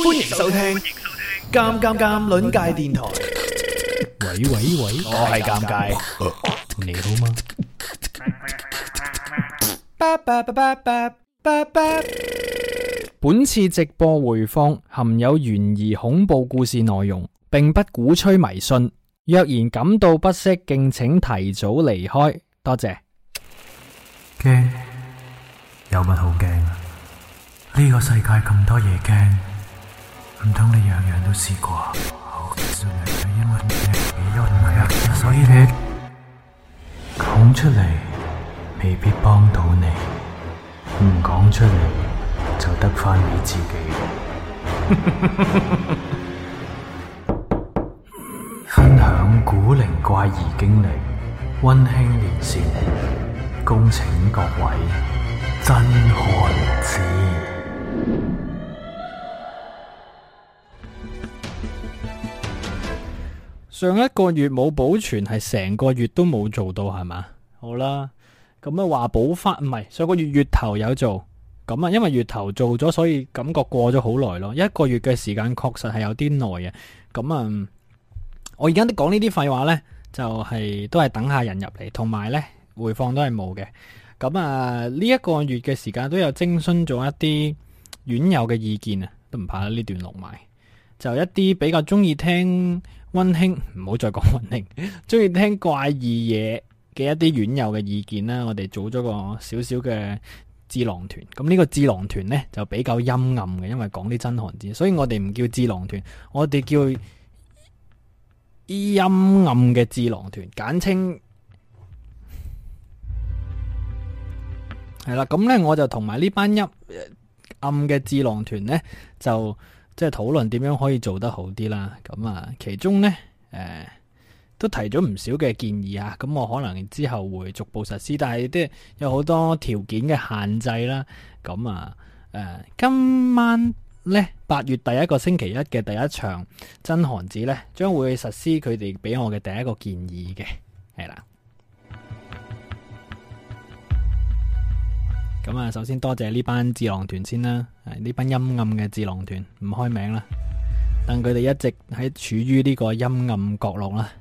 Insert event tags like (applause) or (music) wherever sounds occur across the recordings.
歡迎收聽《尷尷尷》鄰界電台。喂喂喂，我係尷尬， (laughs) 你好嗎？ (laughs) 本次直播回放含有懸疑恐怖故事內容，並不鼓吹迷信。若然感到不適，敬請提早離開。多謝。驚？有乜好驚？呢個世界咁多嘢驚。唔通你樣樣都試過？好嘅善良係因為自己優點嚟啊， (laughs) 所以你講出嚟未必幫到你，唔講出嚟就得翻你自己。 (laughs) 分享古靈怪異經歷，溫馨連線，恭請各位真漢子。上一個月冇保存，係成個月都冇做到，係嘛？好啦，咁啊話補發唔係上個月月頭有做，咁、嗯、啊，因為月頭做咗，所以感覺過咗好耐咯。一個月嘅時間確實係有啲耐嘅。咁、嗯、啊，我而家都講呢啲廢話呢，就係、是、都係等下人入嚟，同埋呢回放都係冇嘅。咁、嗯、啊，呢、這、一個月嘅時間都有徵詢咗一啲院友嘅意見啊，都唔怕呢段錄埋就一啲比較中意聽。溫馨，唔好再講溫馨，中意聽怪異嘢嘅一啲院友嘅意見啦。我哋組咗個少少嘅智囊團，咁呢個智囊團呢,就比較陰暗嘅，因為講啲真寒子，所以我哋唔叫智囊團，我哋叫陰暗嘅智囊團，簡稱係啦。咁呢，我就同埋呢班陰暗嘅智囊團呢，就。即係討論點樣可以做得好啲啦，咁啊，其中呢，誒、呃、都提咗唔少嘅建議啊，咁我可能之後會逐步實施，但係都有好多條件嘅限制啦，咁啊誒、呃，今晚呢，八月第一個星期一嘅第一場真寒子呢，將會實施佢哋俾我嘅第一個建議嘅，係啦。咁啊，首先多謝呢班智囊團先啦，呢班陰暗嘅智囊團唔開名啦，但佢哋一直喺處於呢個陰暗角落啦。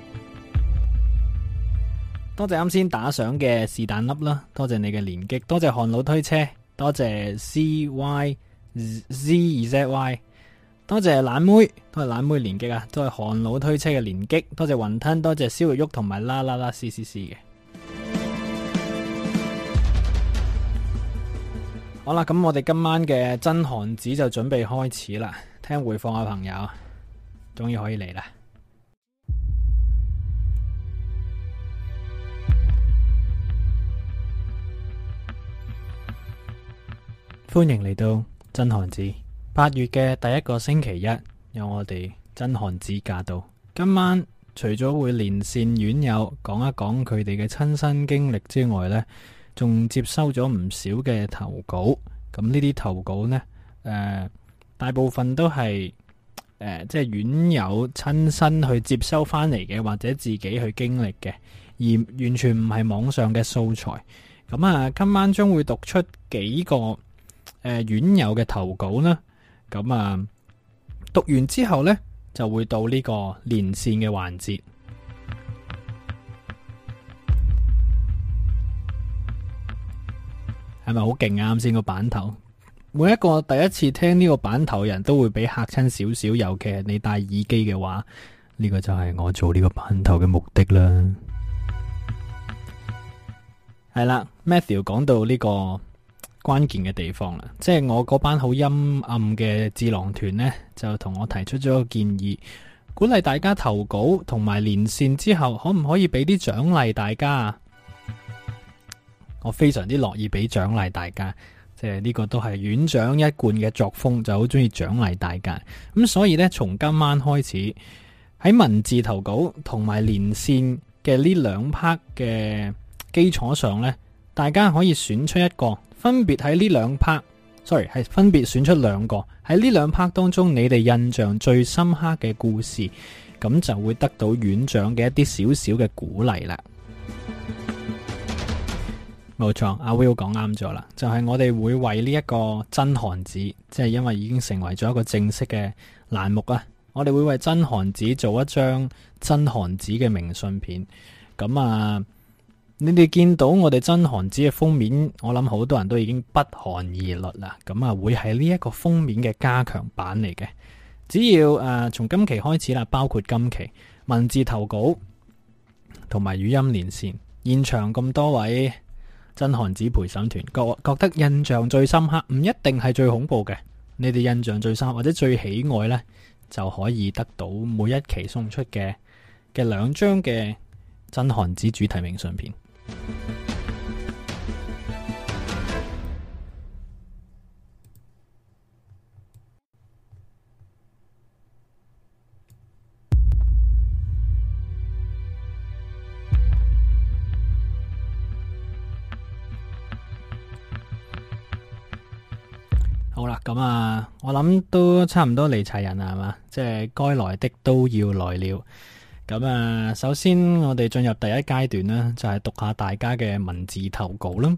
(noise) 多謝啱先打賞嘅是但粒啦，多謝你嘅連擊，多謝韓老推車，多謝 C Y Z Z Y，多謝懶妹，都係懶妹連擊啊，都係韓老推車嘅連擊，多謝雲吞，多謝燒肉肉同埋啦啦啦 C C C 嘅。好啦，咁我哋今晚嘅真寒子就準備開始啦。聽回放嘅朋友，終於可以嚟啦！歡迎嚟到真寒子。八月嘅第一個星期一，有我哋真寒子駕到。今晚除咗會連線院友，講一講佢哋嘅親身經歷之外呢。仲接收咗唔少嘅投稿，咁呢啲投稿呢，誒、呃、大部分都係誒即係院友親身去接收翻嚟嘅，或者自己去經歷嘅，而完全唔係網上嘅素材。咁啊，今晚將會讀出幾個誒院、呃、友嘅投稿啦。咁啊，讀完之後呢，就會到呢個連線嘅環節。係咪好勁啊？啱先個版頭，每一個第一次聽呢個版頭人都會俾嚇親少少，尤其係你戴耳機嘅話，呢個就係我做呢個版頭嘅目的啦。係啦 (music) ，Matthew 講到呢個關鍵嘅地方啦，即係我嗰班好陰暗嘅智囊團呢，就同我提出咗個建議，鼓勵大家投稿同埋連線之後，可唔可以俾啲獎勵大家？我非常之樂意俾獎勵大家，即係呢個都係院長一貫嘅作風，就好中意獎勵大家。咁所以呢，從今晚開始喺文字投稿同埋連線嘅呢兩 part 嘅基礎上呢，大家可以選出一個，分別喺呢兩 part，sorry 係分別選出兩個喺呢兩 part 當中，你哋印象最深刻嘅故事，咁就會得到院長嘅一啲少少嘅鼓勵啦。冇錯，阿 Will 講啱咗啦，就係、是、我哋會為呢一個真寒子，即係因為已經成為咗一個正式嘅欄目啊。我哋會為真寒子做一張真寒子嘅明信片。咁啊，你哋見到我哋真寒子嘅封面，我諗好多人都已經不寒而慄啦。咁啊，會係呢一個封面嘅加強版嚟嘅。只要誒、啊，從今期開始啦，包括今期文字投稿同埋語音連線現場咁多位。真寒子陪審團覺覺得印象最深刻，唔一定係最恐怖嘅，你哋印象最深刻或者最喜愛呢，就可以得到每一期送出嘅嘅兩張嘅真寒子主題明信片。咁啊、嗯，我諗都差唔多嚟齊人啦，係嘛？即係該來的都要來了。咁、嗯、啊，首先我哋進入第一階段咧，就係、是、讀下大家嘅文字投稿啦。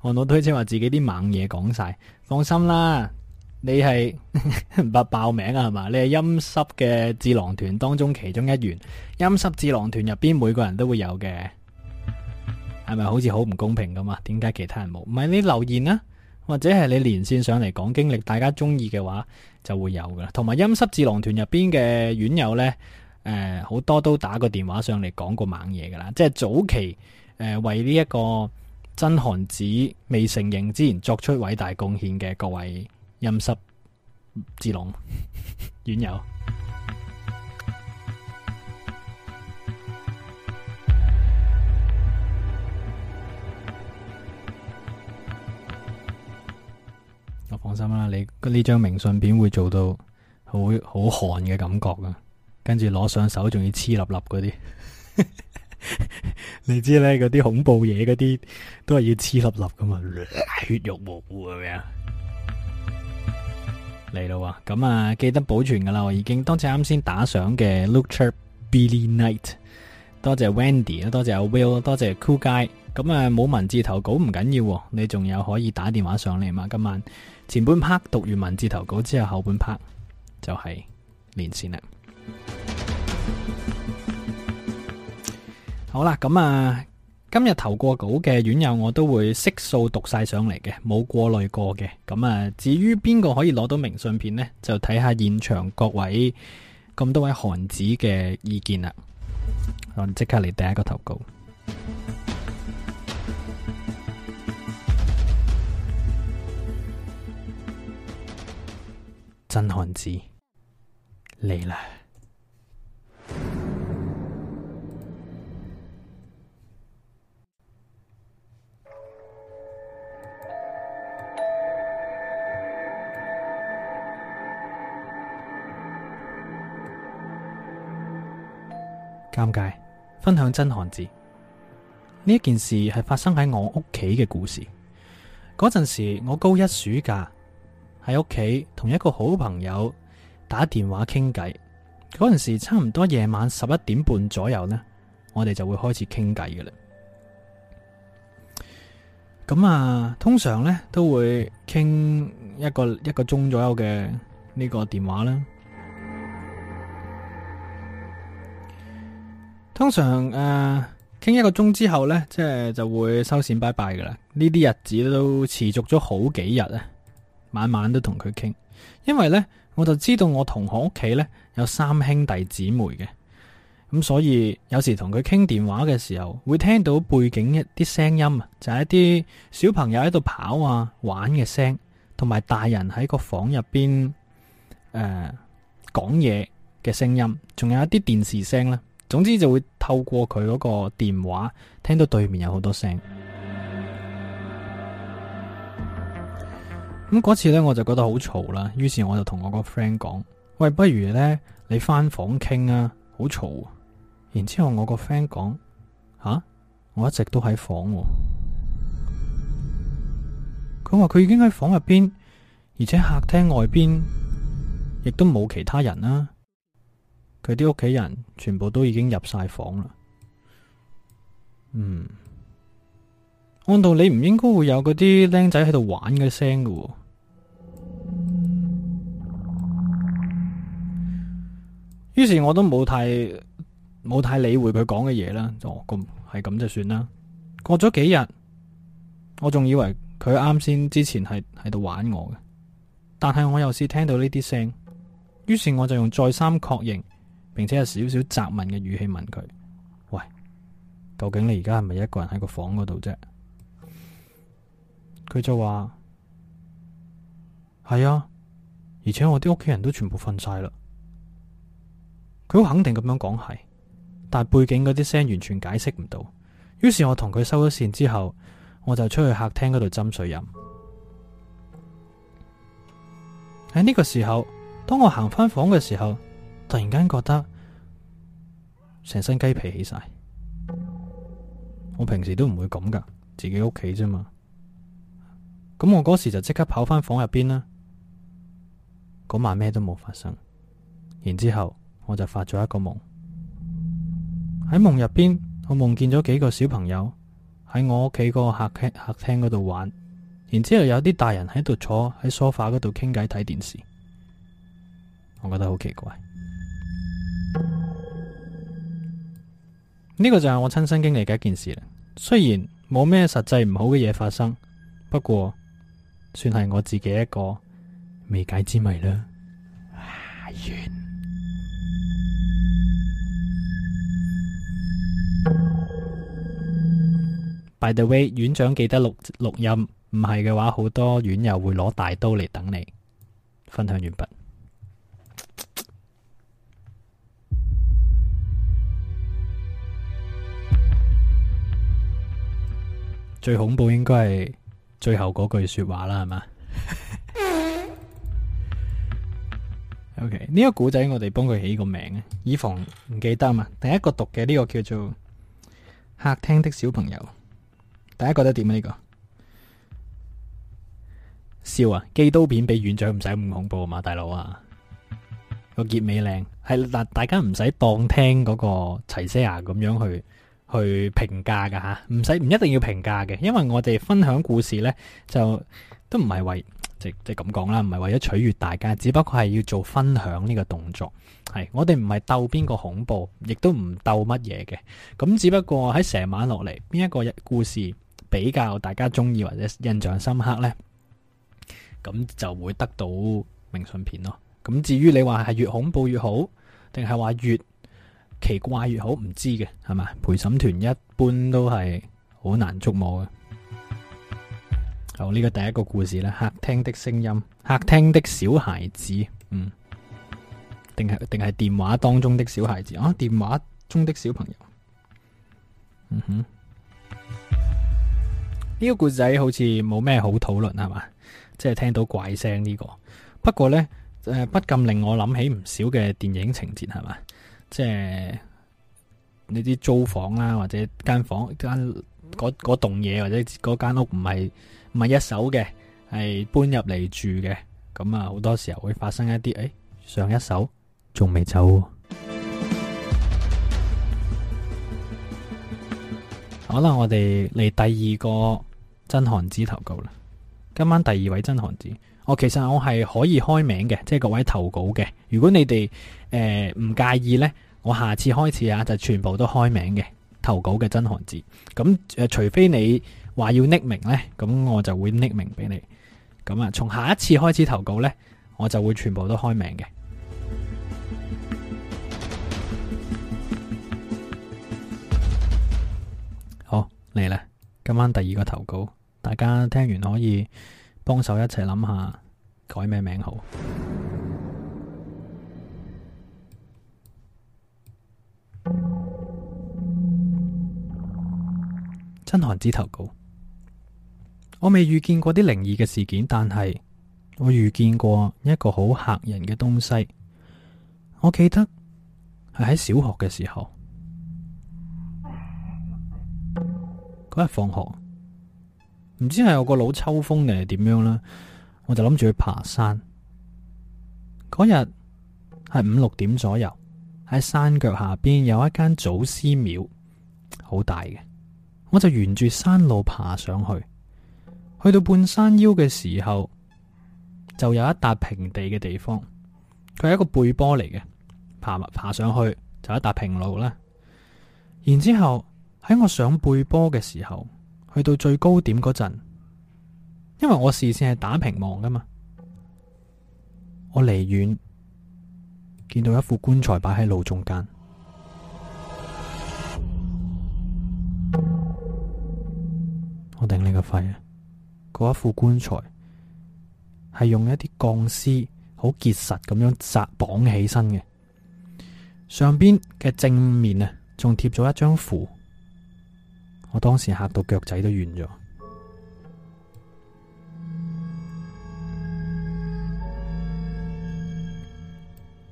我 (laughs) 冇推車話自己啲猛嘢講晒，放心啦，你係唔 (laughs) 爆名啊？係嘛？你係陰濕嘅智囊團當中其中一員，陰濕智囊團入邊每個人都會有嘅。係咪好似好唔公平咁啊？點解其他人冇？唔係你留言啦、啊，或者係你連線上嚟講經歷，大家中意嘅話就會有噶啦。同埋陰濕智囊團入邊嘅院友呢，誒、呃，好多都打過電話上嚟講過猛嘢噶啦。即係早期誒、呃，為呢一個真寒子未成形之前作出偉大貢獻嘅各位陰濕智囊 (laughs) 院友。放心啦，你呢張明信片會做到好好寒嘅感覺啊，跟住攞上手仲要黐立立嗰啲， (laughs) 你知咧嗰啲恐怖嘢嗰啲都係要黐立立噶嘛，血肉模糊係咪啊？嚟啦，咁啊記得保存噶啦，我已經。多謝啱先打賞嘅 Lucer Billy Knight，多謝 Wendy，多謝 Will，多謝 Cool Guy，咁啊冇文字投稿唔緊要，你仲有可以打電話上嚟嘛？今晚。前半 part 讀完文字投稿之後，後半 part 就係連線啦。 (noise) 好啦，咁啊，今日投過稿嘅院友，我都會悉數讀晒上嚟嘅，冇過濾過嘅。咁啊，至於邊個可以攞到明信片呢？就睇下現場各位咁多位寒子嘅意見啦。我即刻嚟第一個投稿。真寒子嚟啦！尷尬，分享真寒子呢件事係發生喺我屋企嘅故事。嗰陣時，我高一暑假。喺屋企同一個好朋友打電話傾偈，嗰陣時差唔多夜晚十一點半左右呢，我哋就會開始傾偈嘅啦。咁啊，通常呢都會傾一個一個鐘左右嘅呢個電話啦。通常誒，傾一個鐘之後呢，即係就會收線拜拜噶啦。呢啲日子都持續咗好幾日啊。晚晚都同佢傾，因為呢，我就知道我同學屋企呢有三兄弟姊妹嘅，咁、嗯、所以有時同佢傾電話嘅時候，會聽到背景一啲聲音啊，就係、是、一啲小朋友喺度跑啊玩嘅聲，同埋大人喺個房入邊誒講嘢嘅聲音，仲有、呃、有一啲電視聲啦。總之就會透過佢嗰個電話聽到對面有好多聲。咁嗰次咧，我就覺得好嘈啦，於是我就同我個 friend 講：喂，不如呢，你翻房傾啊，好嘈、啊。然之後我個 friend 講：吓、啊，我一直都喺房、哦。佢話佢已經喺房入邊，而且客廳外邊亦都冇其他人啦、啊。佢啲屋企人全部都已經入晒房啦。嗯。按道理唔應該會有嗰啲僆仔喺度玩嘅聲噶，於是我都冇太冇太理會佢講嘅嘢啦，就咁係咁就算啦。過咗幾日，我仲以為佢啱先之前係喺度玩我嘅，但係我又試聽到呢啲聲，於是我就用再三確認，並且有少少責問嘅語氣問佢：喂，究竟你而家係咪一個人喺個房嗰度啫？佢就話係啊，而且我啲屋企人都全部瞓晒啦。佢好肯定咁樣講係，但背景嗰啲聲完全解釋唔到。於是我同佢收咗線之後，我就出去客廳嗰度斟水飲。喺呢個時候，當我行翻房嘅時候，突然間覺得成身雞皮起晒。我平時都唔會咁噶，自己屋企啫嘛。咁我嗰時就即刻跑翻房入邊啦，嗰晚咩都冇發生，然之後我就發咗一個夢，喺夢入邊我夢見咗幾個小朋友喺我屋企個客廳客廳嗰度玩，然之後有啲大人喺度坐喺梳化嗰度傾偈睇電視，我覺得好奇怪，呢個就係我親身經歷嘅一件事啦。雖然冇咩實際唔好嘅嘢發生，不過。算係我自己一個未解之謎啦，啊。完。 (noise) By the way，院長記得錄錄音，唔係嘅話好多院友會攞大刀嚟等你。分享完畢。 (noise) 最恐怖應該係。最後嗰句說話啦，係嘛 (laughs) ？OK，呢個古仔我哋幫佢起個名以防唔記得嘛。第一個讀嘅呢個叫做客廳的小朋友，大家覺得點呢個？笑啊！寄刀片畀院長唔使咁恐怖啊嘛，大佬啊，個結尾靚係嗱，大家唔使當聽嗰個齊西亞咁樣去。去評價噶吓，唔使唔一定要評價嘅，因為我哋分享故事呢，就都唔係為即即咁講啦，唔係為咗取悅大家，只不過係要做分享呢個動作。係我哋唔係鬥邊個恐怖，亦都唔鬥乜嘢嘅。咁只不過喺成晚落嚟，邊一個故事比較大家中意或者印象深刻呢，咁就會得到明信片咯。咁至於你話係越恐怖越好，定係話越？奇怪越好，唔知嘅係嘛？陪審團一般都係好難捉摸嘅。好、哦、呢、這個第一個故事咧，客廳的聲音，客廳的小孩子，嗯，定係定係電話當中的小孩子啊？電話中的小朋友，嗯哼、呢、這個故仔好似冇咩好討論係嘛？即係聽到怪聲呢、這個。不過呢，誒、呃、不禁令我諗起唔少嘅電影情節係嘛？即係呢啲租房啦，或者間房間嗰棟嘢，或者嗰間屋唔係唔係一手嘅，係搬入嚟住嘅。咁啊好多時候會發生一啲誒、哎、上一手仲未走，哦，可能我哋嚟第二個真寒子投稿啦，今晚第二位真寒子。我其實我係可以開名嘅，即係各位投稿嘅。如果你哋誒唔介意呢，我下次開始啊，就全部都開名嘅投稿嘅真寒子。咁誒，除非你話要匿名呢，咁我就會匿名俾你。咁啊，從下一次開始投稿呢，我就會全部都開名嘅。好，嚟喇，今晚第二個投稿，大家聽完可以，幫手一齊諗下改咩名好？真寒子投稿，我未遇見過啲靈異嘅事件，但係我遇見過一個好吓人嘅東西。我記得係喺小學嘅時候，嗰日放學。唔知係我個腦抽風定係點樣啦，我就諗住去爬山。嗰日係五六點左右，喺山腳下邊有一間祖師廟，好大嘅。我就沿住山路爬上去，去到半山腰嘅時候，就有一笪平地嘅地方，佢係一個背坡嚟嘅。爬爬上去就一笪平路啦。然之後喺我上背坡嘅時候。去到最高點嗰陣，因為我視線係打平望㗎嘛，我離遠見到一副棺材擺喺路中間，我頂你個肺啊！嗰一副棺材係用一啲鋼絲好結實咁樣紮綁起身嘅，上邊嘅正面啊，仲貼咗一張符。我當時嚇到腳仔都軟咗，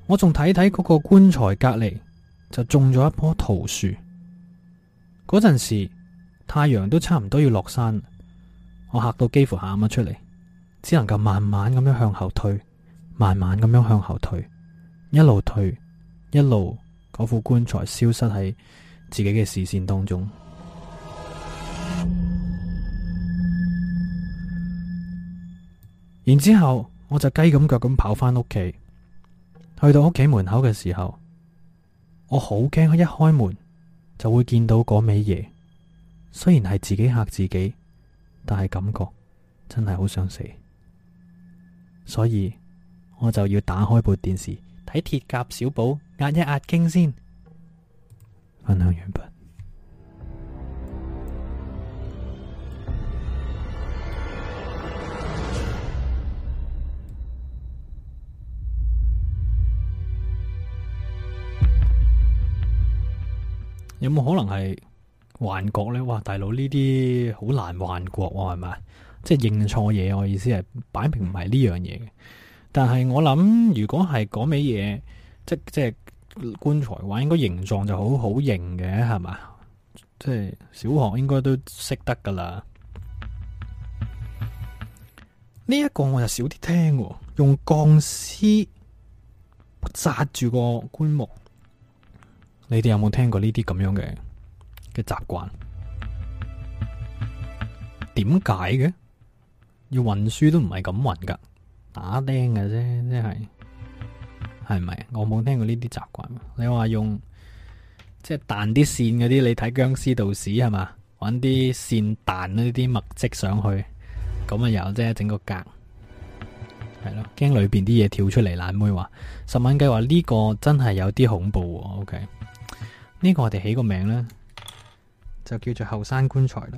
我仲睇睇嗰個棺材隔籬就種咗一棵桃樹。嗰陣時太陽都差唔多要落山，我嚇到幾乎喊咗出嚟，只能夠慢慢咁樣向後退，慢慢咁樣向後退，一路退，一路嗰副棺材消失喺自己嘅視線當中。然之後，我就雞咁腳咁跑返屋企。去到屋企門口嘅時候，我好驚一開門就會見到嗰尾爺。雖然係自己嚇自己，但係感覺真係好想死，所以我就要打開部電視睇《鐵甲小寶》壓一壓驚先。分享完畢。有冇可能係幻覺咧？哇！大佬呢啲好難幻覺喎，係咪？即係認錯嘢，我意思係擺明唔係呢樣嘢。但係我諗，如果係講咩嘢，即即係棺材嘅話，應該形狀就好好認嘅，係咪？即係小學應該都識得噶啦。呢、這、一個我就少啲聽、啊，用鋼絲紮住個棺木。你哋有冇聽過呢啲咁樣嘅嘅習慣？點解嘅？要運輸都唔係咁運噶，打釘嘅啫，即係係咪？我冇聽過呢啲習慣。你話用即係彈啲線嗰啲，你睇殭屍道士係嘛？搵啲線彈呢啲墨跡上去，咁啊有即係整個格，係咯，驚裏邊啲嘢跳出嚟。懶妹話十蚊雞話呢個真係有啲恐怖喎。OK。呢個我哋起個名呢，就叫做後生棺材啦，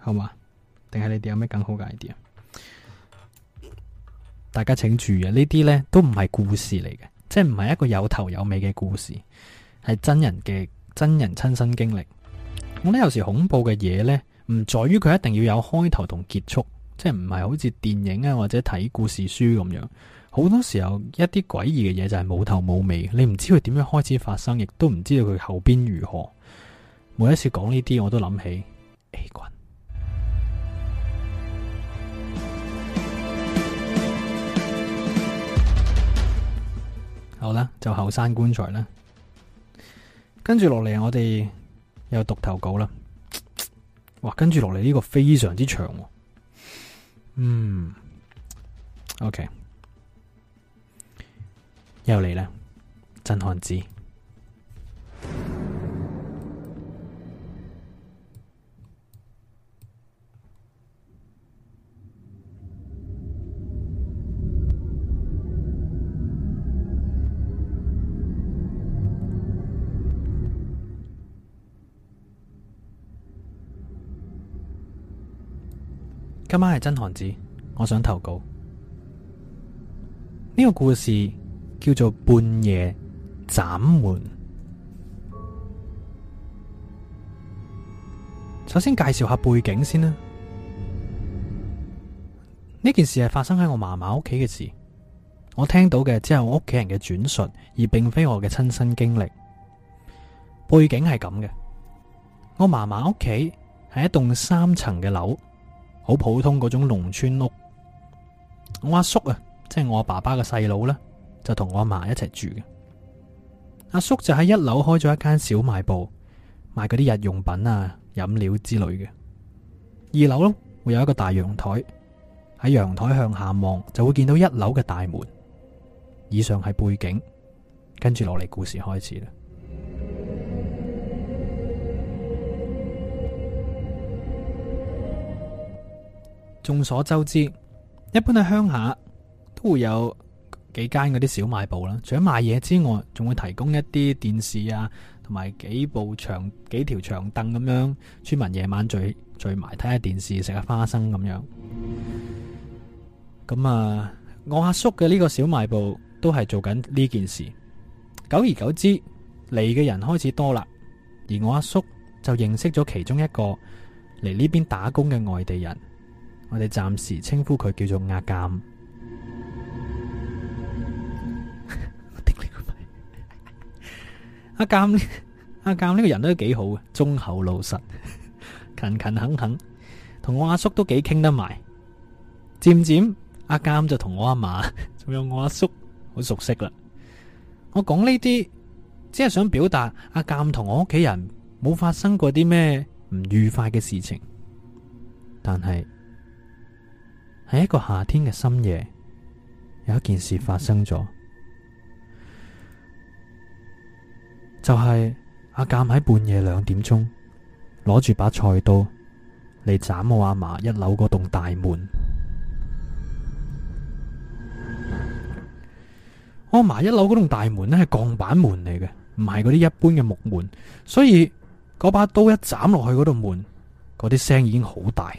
好嘛？定係你哋有咩更好嘅 idea？大家請注意，呢啲呢都唔係故事嚟嘅，即係唔係一個有頭有尾嘅故事，係真人嘅真人親身經歷。我覺得有時恐怖嘅嘢呢，唔在於佢一定要有開頭同結束，即係唔係好似電影啊或者睇故事書咁樣。好多時候一啲詭異嘅嘢，就係冇頭冇尾，你唔知佢點樣開始發生，亦都唔知道佢後邊如何。每一次講呢啲，我都諗起 A 群。 (music) 好啦，就後山棺材啦。跟住落嚟，我哋有讀投稿啦。哇，跟住落嚟呢個非常之長。嗯，OK。又嚟啦，真寒子！今晚係真寒子，我想投稿呢、這個故事。叫做半夜斬門。首先介紹下背景先啦。呢件事係發生喺我媽媽屋企嘅事，我聽到嘅只係我屋企人嘅轉述，而並非我嘅親身經歷。背景係咁嘅，我媽媽屋企係一棟三層嘅樓，好普通嗰種農村屋。我阿叔啊，即係我爸爸嘅細佬啦。就同我阿嫲一齊住嘅，阿叔就喺一樓開咗一間小賣部，賣嗰啲日用品啊、飲料之類嘅。二樓咯，會有一個大陽台，喺陽台向下望，就會見到一樓嘅大門。以上係背景，跟住落嚟故事開始啦。眾所周知，一般喺鄉下都會有。幾間嗰啲小賣部啦，除咗賣嘢之外，仲會提供一啲電視啊，同埋幾部長幾條長凳咁樣，村民夜晚聚聚埋睇下電視，食下花生咁樣。咁啊，我阿叔嘅呢個小賣部都係做緊呢件事。久而久之，嚟嘅人開始多啦，而我阿叔就認識咗其中一個嚟呢邊打工嘅外地人，我哋暫時稱呼佢叫做阿鑒。阿鑒，阿鑒呢個人都幾好，忠厚老實，呵呵勤勤懇懇，同我阿叔都幾傾得埋。漸漸，阿、啊、鑒就同我阿嫲，仲有我阿叔，好熟悉啦。我講呢啲，只係想表達阿鑒同我屋企人冇發生過啲咩唔愉快嘅事情。但係，喺一個夏天嘅深夜，有一件事發生咗。嗯就係阿鑒喺半夜兩點鐘攞住把菜刀嚟斬我阿嫲一樓嗰棟大門，我阿嫲一樓嗰棟大門咧係鋼板門嚟嘅，唔係嗰啲一般嘅木門，所以嗰把刀一斬落去嗰度門，嗰啲聲已經好大，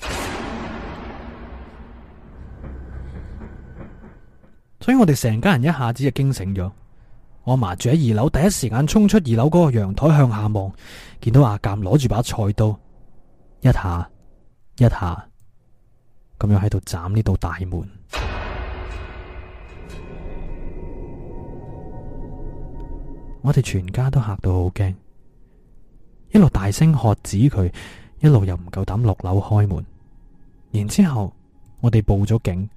所以我哋成家人一下子就驚醒咗。我嫲住喺二樓，第一時間衝出二樓嗰個陽台向下望，見到阿鑒攞住把菜刀，一下一下咁樣喺度斬呢道大門。 (music) 我哋全家都吓到好驚，一路大聲喝止佢，一路又唔夠膽落樓開門。然之後我哋報咗警，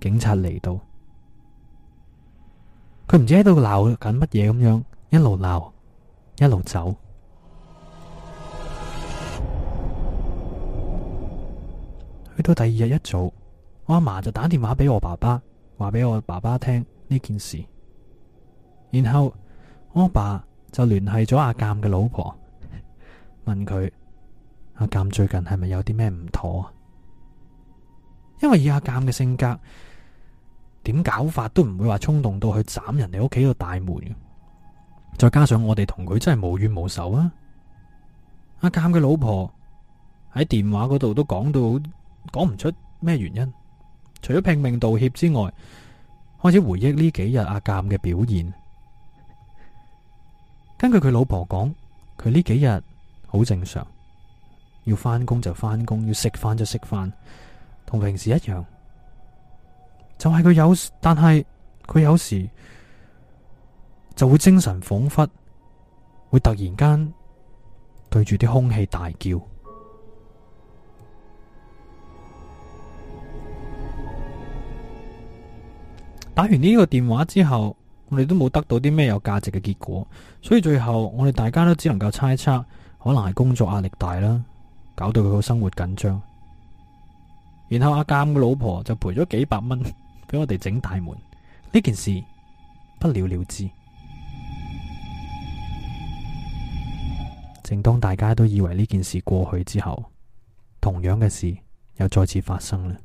警察嚟到。佢唔知喺度鬧緊乜嘢咁樣，一路鬧一路走。去到第二日一早，我阿嫲就打電話俾我爸爸，話俾我爸爸聽呢件事。然後我爸就聯繫咗阿鑒嘅老婆，問佢阿鑒最近係咪有啲咩唔妥啊？因為以阿鑒嘅性格，點搞法都唔會話衝動到去斬人哋屋企個大門，再加上我哋同佢真係無怨無仇啊！阿鑒嘅老婆喺電話嗰度都講到講唔出咩原因，除咗拼命道歉之外，開始回憶呢幾日阿鑒嘅表現。根據佢老婆講，佢呢幾日好正常，要翻工就翻工，要食飯就食飯，同平時一樣。就係佢有時，但係佢有時就會精神恍惚，會突然間對住啲空氣大叫。打完呢個電話之後，我哋都冇得到啲咩有價值嘅結果，所以最後我哋大家都只能夠猜測，可能係工作壓力大啦，搞到佢個生活緊張。然後阿鑑嘅老婆就賠咗幾百蚊。俾我哋整大門呢件事不了了之。正當大家都以為呢件事過去之後，同樣嘅事又再次發生啦。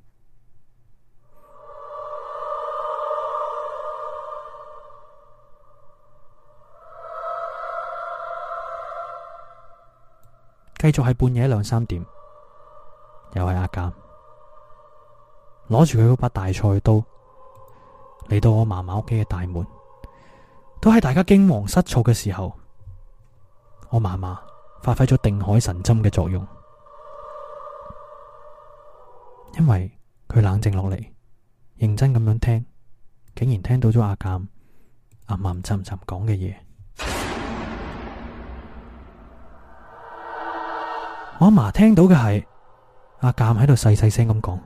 繼續係半夜兩三點，又係阿甲，攞住佢嗰把大菜刀。嚟到我媽媽屋企嘅大門，都喺大家驚惶失措嘅時候，我媽媽發揮咗定海神針嘅作用，因為佢冷靜落嚟，認真咁樣聽，竟然聽到咗阿鑑暗暗沉沉講嘅嘢。我阿嫲聽到嘅係阿鑑喺度細細聲咁講，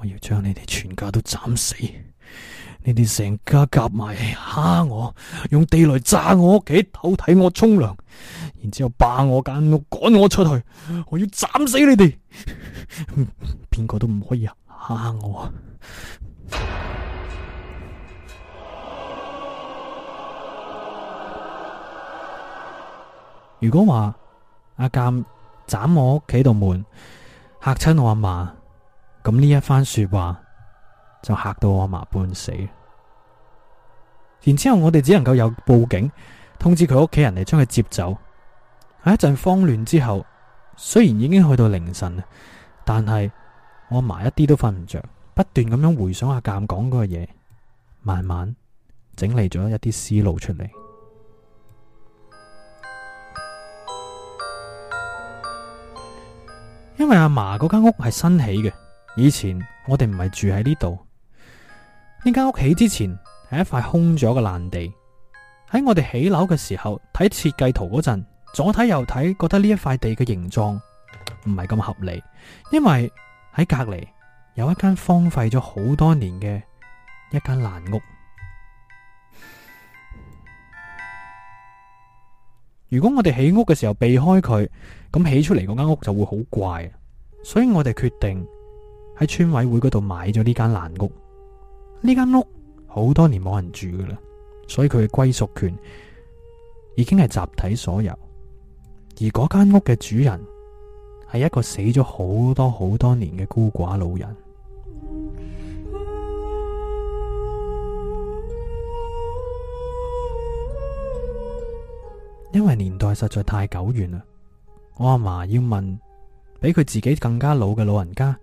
我要將你哋全家都斬死。你哋成家夾埋蝦我，用地雷炸我屋企，偷睇我沖涼，然之後霸我間屋，趕我出去，我要斬死你哋，邊 (laughs) 個都唔可以啊！蝦我啊！ (noise) 如果話阿鑑斬我屋企度門，嚇親我阿嫲，咁呢一番說話。就嚇到我阿媽半死，然之後我哋只能夠有報警通知佢屋企人嚟將佢接走。喺一陣慌亂之後，雖然已經去到凌晨，但係我阿媽一啲都瞓唔着，不斷咁樣回想阿鑑講嗰個嘢，慢慢整理咗一啲思路出嚟。因為阿嫲嗰間屋係新起嘅，以前我哋唔係住喺呢度。呢間屋起之前係一塊空咗嘅爛地，喺我哋起樓嘅時候睇設計圖嗰陣，左睇右睇覺得呢一塊地嘅形狀唔係咁合理，因為喺隔籬有一間荒廢咗好多年嘅一間爛屋。如果我哋起屋嘅時候避開佢，咁起出嚟，嗰間屋就會好怪，所以我哋決定喺村委會嗰度買咗呢間爛屋。呢間屋好多年冇人住噶啦，所以佢嘅歸屬權已經係集體所有。而嗰間屋嘅主人係一個死咗好多好多年嘅孤寡老人，因為年代實在太久遠啦。我阿嫲要問比佢自己更加老嘅老人家，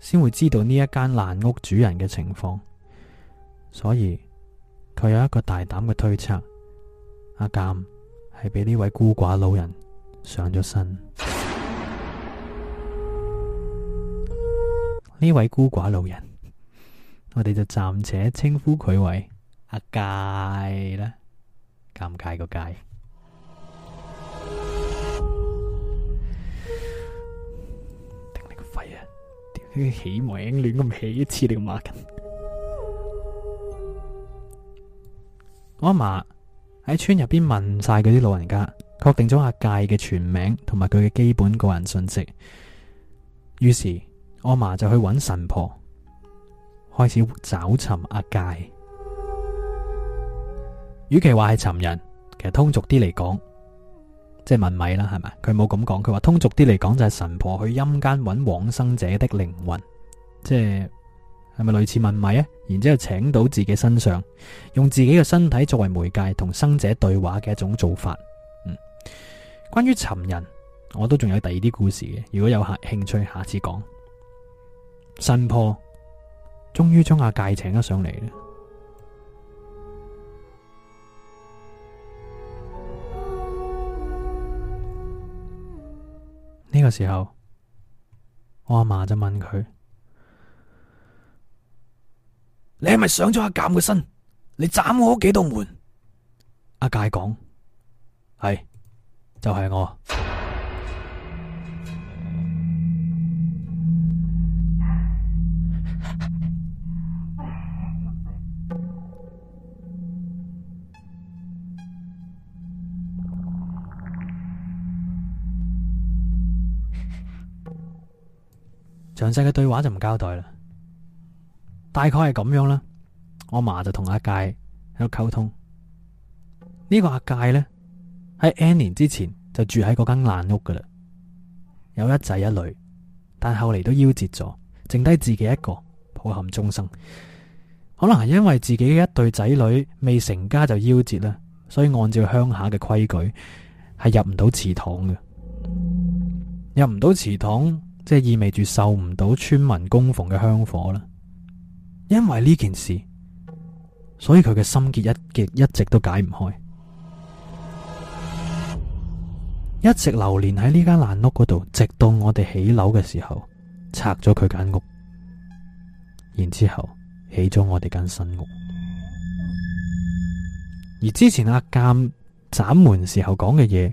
先會知道呢一間爛屋主人嘅情況。所以佢有一個大膽嘅推測：阿鑒係俾呢位孤寡老人上咗身。呢 (noise) 位孤寡老人，我哋就暫且稱呼佢為阿介啦，尷尬個介。頂 (noise) 你個肺啊！點解起名亂咁起？黐？你個孖筋！我阿嫲喺村入邊問晒佢啲老人家，確定咗阿介嘅全名同埋佢嘅基本個人信息。於是我阿嫲就去揾神婆，開始找尋阿介。與其話係尋人，其實通俗啲嚟講，即係問米啦，係咪？佢冇咁講，佢話通俗啲嚟講就係、是、神婆去陰間揾往生者的靈魂，即係。係咪類似問米啊？然之後請到自己身上，用自己嘅身體作為媒介，同生者對話嘅一種做法。嗯，關於尋人，我都仲有第二啲故事嘅。如果有下興趣，下次講。神婆，終於將阿介請咗上嚟。呢個時候，我阿嫲就問佢。你係咪上咗阿鑑嘅身？你斬我嗰幾道門？阿介講係，就係我。詳細嘅對話就唔交代啦。大概係咁樣啦。我媽就同阿介喺度溝通呢、呢個阿介呢，喺 N 年之前就住喺嗰間爛屋噶啦，有一仔一女，但後嚟都夭折咗，剩低自己一個，抱憾終生。可能係因為自己嘅一對仔女未成家就夭折啦，所以按照鄉下嘅規矩係入唔到祠堂嘅，入唔到祠堂即係意味住受唔到村民供奉嘅香火啦。因為呢件事，所以佢嘅心結一結一,一直都解唔開，一直流連喺呢間爛屋嗰度，直到我哋起樓嘅時候拆咗佢間屋，然之後起咗我哋間新屋。而之前阿鑑斬門時候講嘅嘢，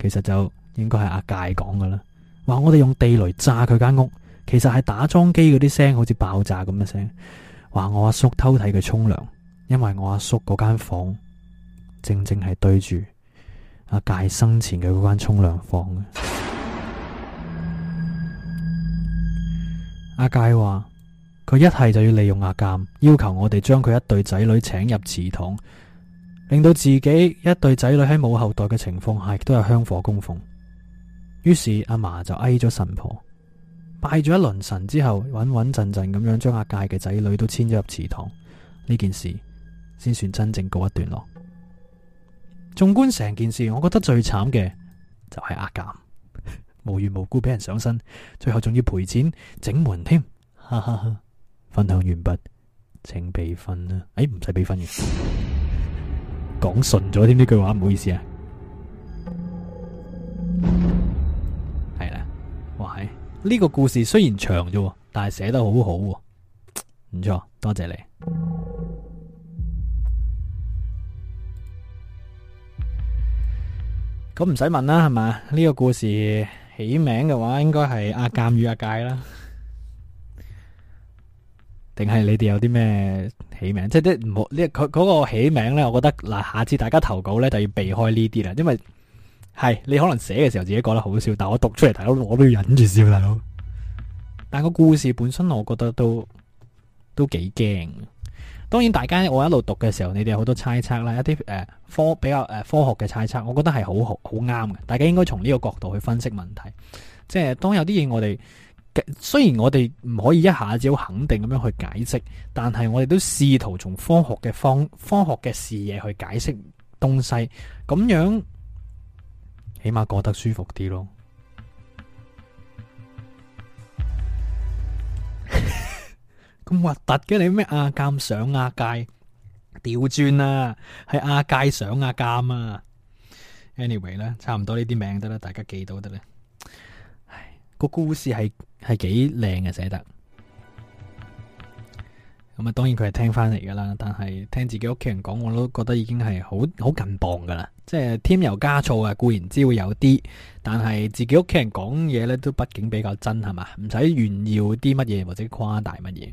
其實就應該係阿、啊、介講㗎喇，話我哋用地雷炸佢間屋。其實係打樁機嗰啲聲，好似爆炸咁嘅聲。話我阿叔、叔偷睇佢沖涼，因為我阿叔嗰間房正正係對住阿介生前嘅嗰間沖涼房 (noise) 阿介話佢一係就要利用阿鑒，要求我哋將佢一對仔女請入祠堂，令到自己一對仔女喺冇後代嘅情況下，亦都有香火供奉。於是阿嫲就哎咗神婆。拜咗一輪神之後，穩穩陣陣咁樣將阿介嘅仔女都遷咗入祠堂，呢件事先算真正告一段落。縱觀成件事，我覺得最慘嘅就係阿鑒， (laughs) 無緣無故俾人上身，最後仲要賠錢整門添，哈哈哈！分享完畢，請俾分啦，啊。哎，欸，唔使俾分嘅，講順咗添呢句話，唔好意思啊。係啦， (noise) 哇係。呢個故事雖然長啫，但係寫得好好，唔錯，多謝你。咁唔使問啦，係嘛？呢個故事起名嘅話，應該係阿鑑與阿介啦，定 (laughs) 係你哋有啲咩起名？即係唔好呢？佢、嗰個起名呢，我覺得嗱、啊，下次大家投稿呢就要避開呢啲啦，因為。係，你可能寫嘅時候自己覺得好笑，但我讀出嚟，睇到，我都要忍住笑，大佬。但個故事本身我我、呃呃，我覺得都都幾驚。當然，大家我一路讀嘅時候，你哋有好多猜測啦，一啲誒科比較誒科學嘅猜測，我覺得係好好好啱嘅。大家應該從呢個角度去分析問題。即係當有啲嘢，我哋雖然我哋唔可以一下子好肯定咁樣去解釋，但係我哋都試圖從科學嘅方、科學嘅視野去解釋東西，咁樣。起碼過得舒服啲咯，咁核突嘅你咩？阿鑒上阿介調轉啊，係阿介上阿鑒啊。Anyway 啦，差唔多呢啲名得啦，大家記到得啦。唉，個故事係係幾靚啊，寫得。咁啊，當然佢係聽翻嚟噶啦，但係聽自己屋企人講，我都覺得已經係好好近磅噶啦。即係添油加醋啊，固然之會有啲，但係自己屋企人講嘢咧，都畢竟比較真係嘛，唔使炫耀啲乜嘢或者誇大乜嘢。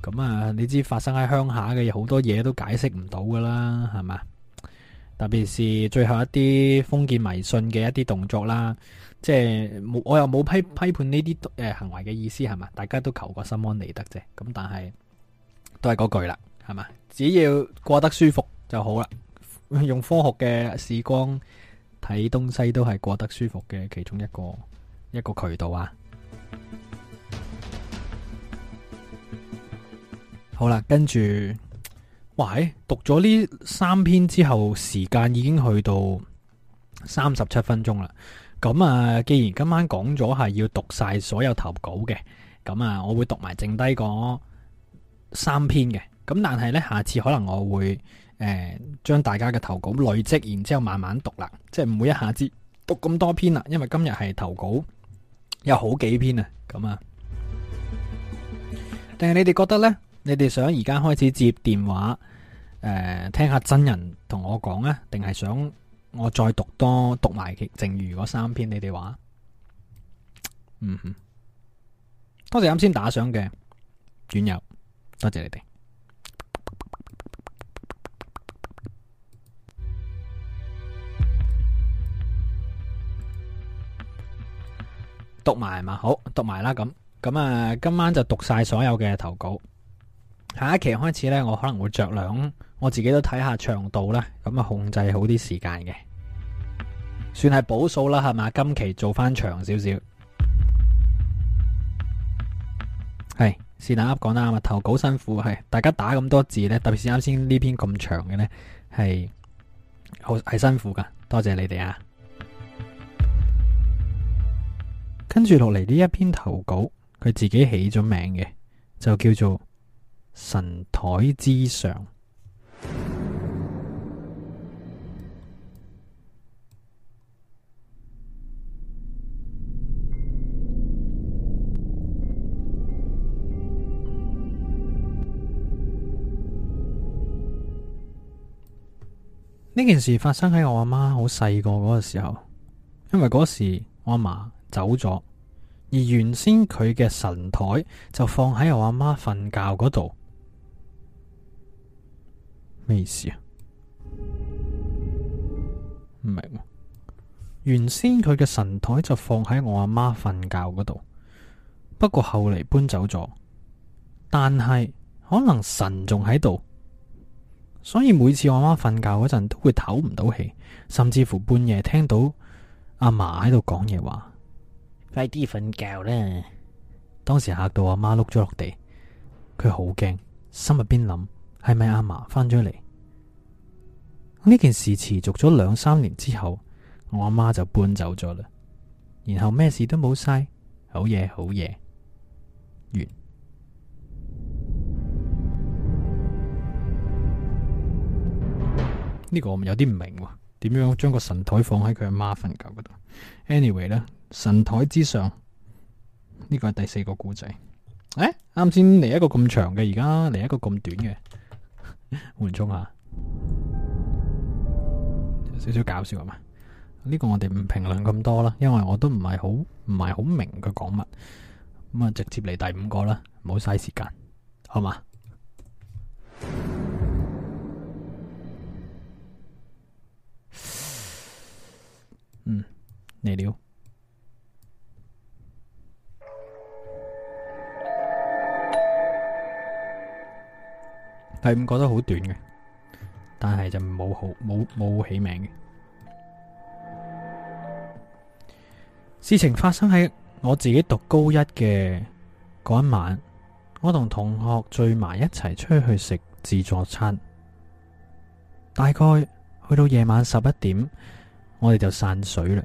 咁啊，你知發生喺鄉下嘅好多嘢都解釋唔到噶啦，係嘛？特別是最後一啲封建迷信嘅一啲動作啦。即係我又冇批批判呢啲行為嘅意思係嘛？大家都求個心安理得啫。咁但係都係嗰句啦，係嘛？只要過得舒服就好啦。用科學嘅時光睇東西都係過得舒服嘅其中一個一個渠道啊。好啦，跟住哇，讀咗呢三篇之後，時間已經去到三十七分鐘啦。咁啊，既然今晚講咗係要讀晒所有投稿嘅，咁啊，我會讀埋剩低嗰三篇嘅。咁但係呢，下次可能我會誒、呃、將大家嘅投稿累積，然之後慢慢讀啦。即係唔會一下子讀咁多篇啦，因為今日係投稿有好幾篇啊。咁啊，定係你哋覺得呢？你哋想而家開始接電話，誒、呃、聽下真人同我講啊，定係想？我再讀多讀埋其剩餘嗰三篇，你哋話？嗯哼，多謝啱先打賞嘅軟友，多謝你哋讀埋係嘛？好，讀埋啦，咁咁啊！今晚就讀晒所有嘅投稿。下一期開始呢，我可能會着涼。我自己都睇下長度啦，咁啊控制好啲時間嘅，算係補數啦，係嘛？今期做翻長少少，係 (noise) 是但噏講啦，投稿辛苦係，大家打咁多字呢，特別是啱先呢篇咁長嘅呢，係好係辛苦噶。多謝你哋啊。跟住落嚟，呢一篇投稿，佢自己起咗名嘅，就叫做。神台之上，呢 (noise) 件事發生喺我阿媽好細個嗰個時候，因為嗰時我阿嫲走咗，而原先佢嘅神台就放喺我阿媽瞓覺嗰度。咩事啊？唔明。原先佢嘅神台就放喺我阿媽瞓覺嗰度，不過後嚟搬走咗。但係可能神仲喺度，所以每次我媽瞓覺嗰陣都會唞唔到氣，甚至乎半夜聽到阿嫲喺度講嘢話：快啲瞓覺啦！當時嚇到阿媽碌咗落地，佢好驚，心入邊諗係咪阿嫲翻咗嚟？呢件事持續咗兩三年之後，我阿媽就搬走咗啦。然後咩事都冇晒，好嘢好嘢，完。呢個我有啲唔明，啊，點樣將個神台放喺佢阿媽瞓覺嗰度？Anyway 咧，神台之上，呢、呢個係第四個故仔。誒，啱先嚟一個咁長嘅，而家嚟一個咁短嘅。換鐘啊，有少少搞笑啊嘛。呢、這個我哋唔評論咁多啦，因為我都唔係好唔係好明佢講乜，咁、嗯、啊直接嚟第五個啦，唔好嘥時間，好嘛？嗯，嚟了。第五個都好短嘅，但係就冇好冇冇起名嘅。 (noise) 事情發生喺我自己讀高一嘅嗰一晚，我同同學聚埋一齊出去食自助餐，大概去到夜晚十一點，我哋就散水啦。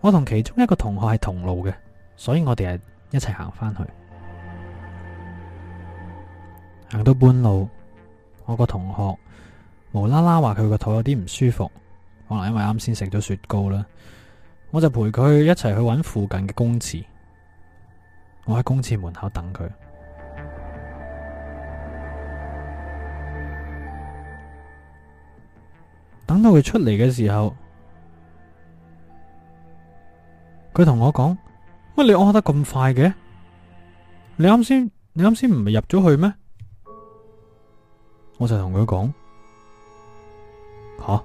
我同其中一個同學係同路嘅，所以我哋係一齊行翻去行到半路，我個同學無啦啦話佢個肚有啲唔舒服，可能因為啱先食咗雪糕啦。我就陪佢一齊去揾附近嘅公廁。我喺公廁門口等佢，等到佢出嚟嘅時候，佢同我講：乜你屙得咁快嘅？你啱先，你啱先唔係入咗去咩？我就同佢講吓，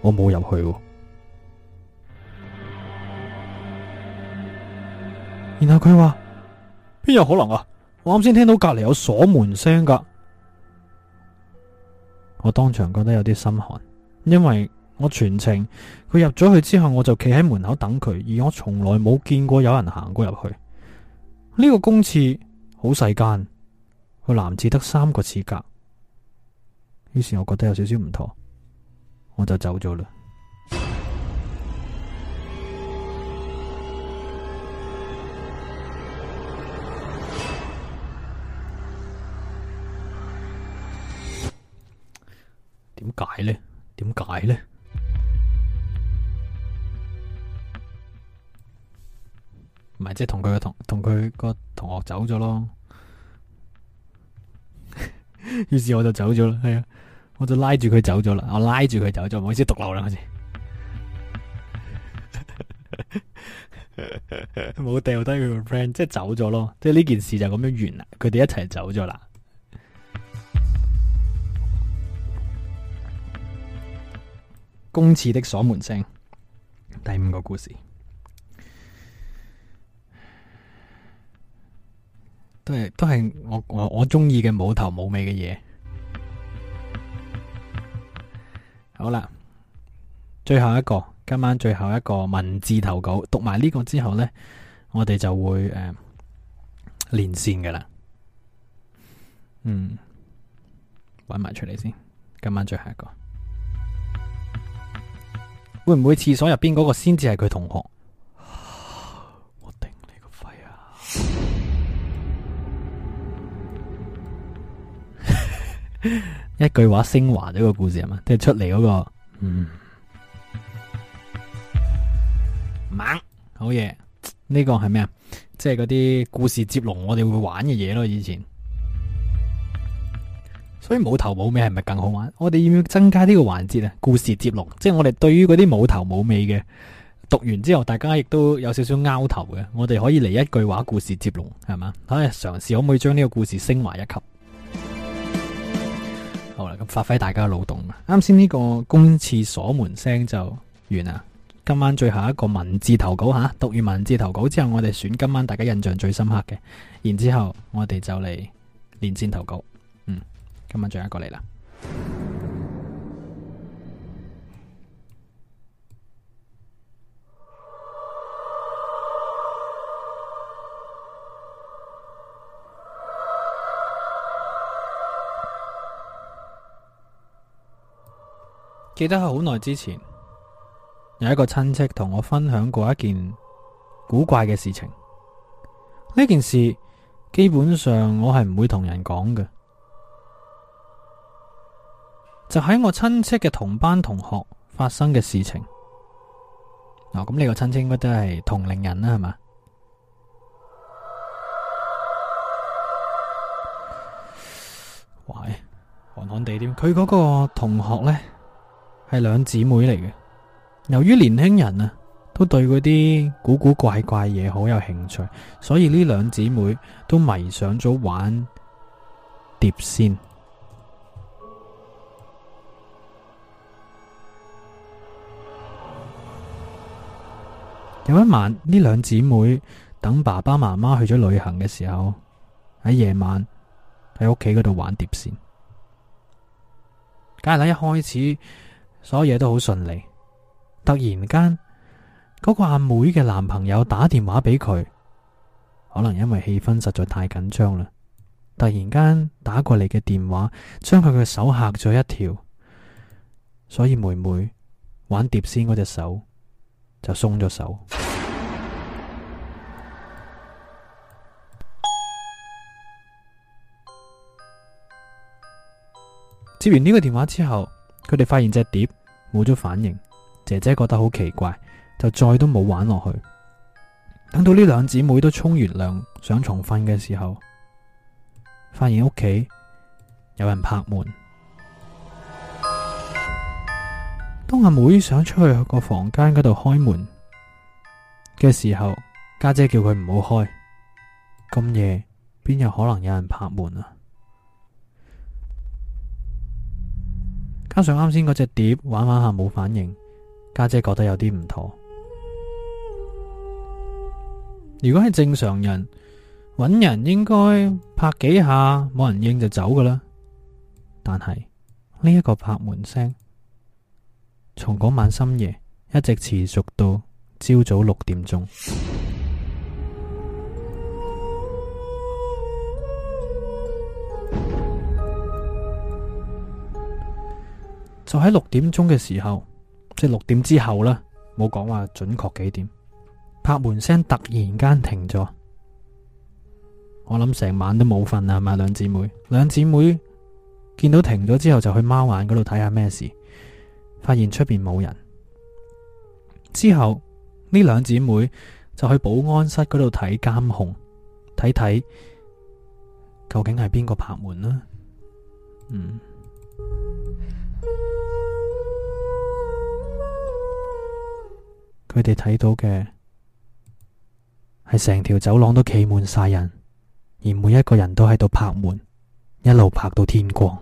我冇入去。然後佢話，邊有可能啊？我啱先聽到隔籬有鎖門聲噶。我當場覺得有啲心寒，因為我全程佢入咗去之後，我就企喺門口等佢，而我從來冇見過有人行過入去。呢個公廁好細間，個男廁得三個廁格。於是我覺得有少少唔妥，我就走咗喇。點解 (noise) 呢？點解呢？唔係即係同佢個同同佢個同學走咗咯。於 (laughs) 是我就走咗喇，係啊。我就拉住佢走咗啦，我拉住佢走咗，唔好意思，獨流啦，好似冇掉低佢個 friend，即係走咗咯，即係呢件事就咁樣完啦，佢哋一齊走咗啦。 (music) 公廁的鎖門聲，第五個故事都係都係我我我中意嘅冇頭冇尾嘅嘢。好啦，最後一個，今晚最後一個文字投稿，讀埋呢個之後呢，我哋就會誒、呃、連線嘅啦。嗯，揾埋出嚟先，今晚最後一個會唔會廁所入邊嗰個先至係佢同學？我頂你個肺啊！ (laughs) 一句話升華呢個故事係嘛，即係出嚟嗰個，嗯，猛好嘢，呢個係咩啊？即係嗰啲故事接龍，我哋會玩嘅嘢咯，以前，所以冇頭冇尾係咪更好玩？我哋要唔要增加呢個環節啊？故事接龍，即係我哋對於嗰啲冇頭冇尾嘅讀完之後，大家亦都有少少拗頭嘅，我哋可以嚟一句話故事接龍，係嘛？唉，嘗試可唔可以將呢個故事升華一級？咁發揮大家嘅腦洞。啱先呢個公廁鎖門聲就完啦。今晚最後一個文字投稿吓，啊，讀完文字投稿之後，我哋選今晚大家印象最深刻嘅，然之後我哋就嚟連線投稿。嗯，今晚最後一個嚟啦。記得喺好耐之前，有一個親戚同我分享過一件古怪嘅事情。呢件事基本上我係唔會同人講嘅，就喺、是、我親戚嘅同班同學發生嘅事情。嗱、哦，咁你個親戚應該都係同齡人啦，係嘛？哇，寒寒地添，佢嗰個同學呢？嗯係兩姊妹嚟嘅，由於年輕人啊都對嗰啲古古怪怪嘢好有興趣，所以呢兩姊妹都迷上咗玩碟仙。有一晚，呢兩姊妹等爸爸媽媽去咗旅行嘅時候，喺夜晚喺屋企嗰度玩碟仙，梗係啦，一開始。所有嘢都好順利，突然間嗰個阿妹嘅男朋友打電話俾佢，可能因為氣氛實在太緊張啦，突然間打過嚟嘅電話將佢嘅手嚇咗一跳，所以妹妹玩碟仙嗰隻手就鬆咗手。 (noise) 接完呢個電話之後。佢哋發現隻碟冇咗反應，姐姐覺得好奇怪，就再都冇玩落去。等到呢兩姊妹都沖完涼、想重瞓嘅時候，發現屋企有人拍門。當阿妹,妹想出去個房間嗰度開門嘅時候，家姐,姐叫佢唔好開。咁夜邊有可能有人拍門啊？加上啱先嗰隻碟玩玩下冇反應，家姐覺得有啲唔妥。如果係正常人揾人，應該拍幾下冇人應就走噶啦。但係呢一個拍門聲，從嗰晚深夜一直持續到朝早六點鐘。就喺六點鐘嘅時候，即係六點之後啦，冇講話準確幾點，拍門聲突然間停咗。我諗成晚都冇瞓啦，係咪兩姊妹？兩姊妹見到停咗之後，就去貓眼嗰度睇下咩事，發現出邊冇人。之後呢兩姊妹就去保安室嗰度睇監控，睇睇究竟係邊個拍門呢？嗯。佢哋睇到嘅係成條走廊都企滿晒人，而每一個人都喺度拍門，一路拍到天光。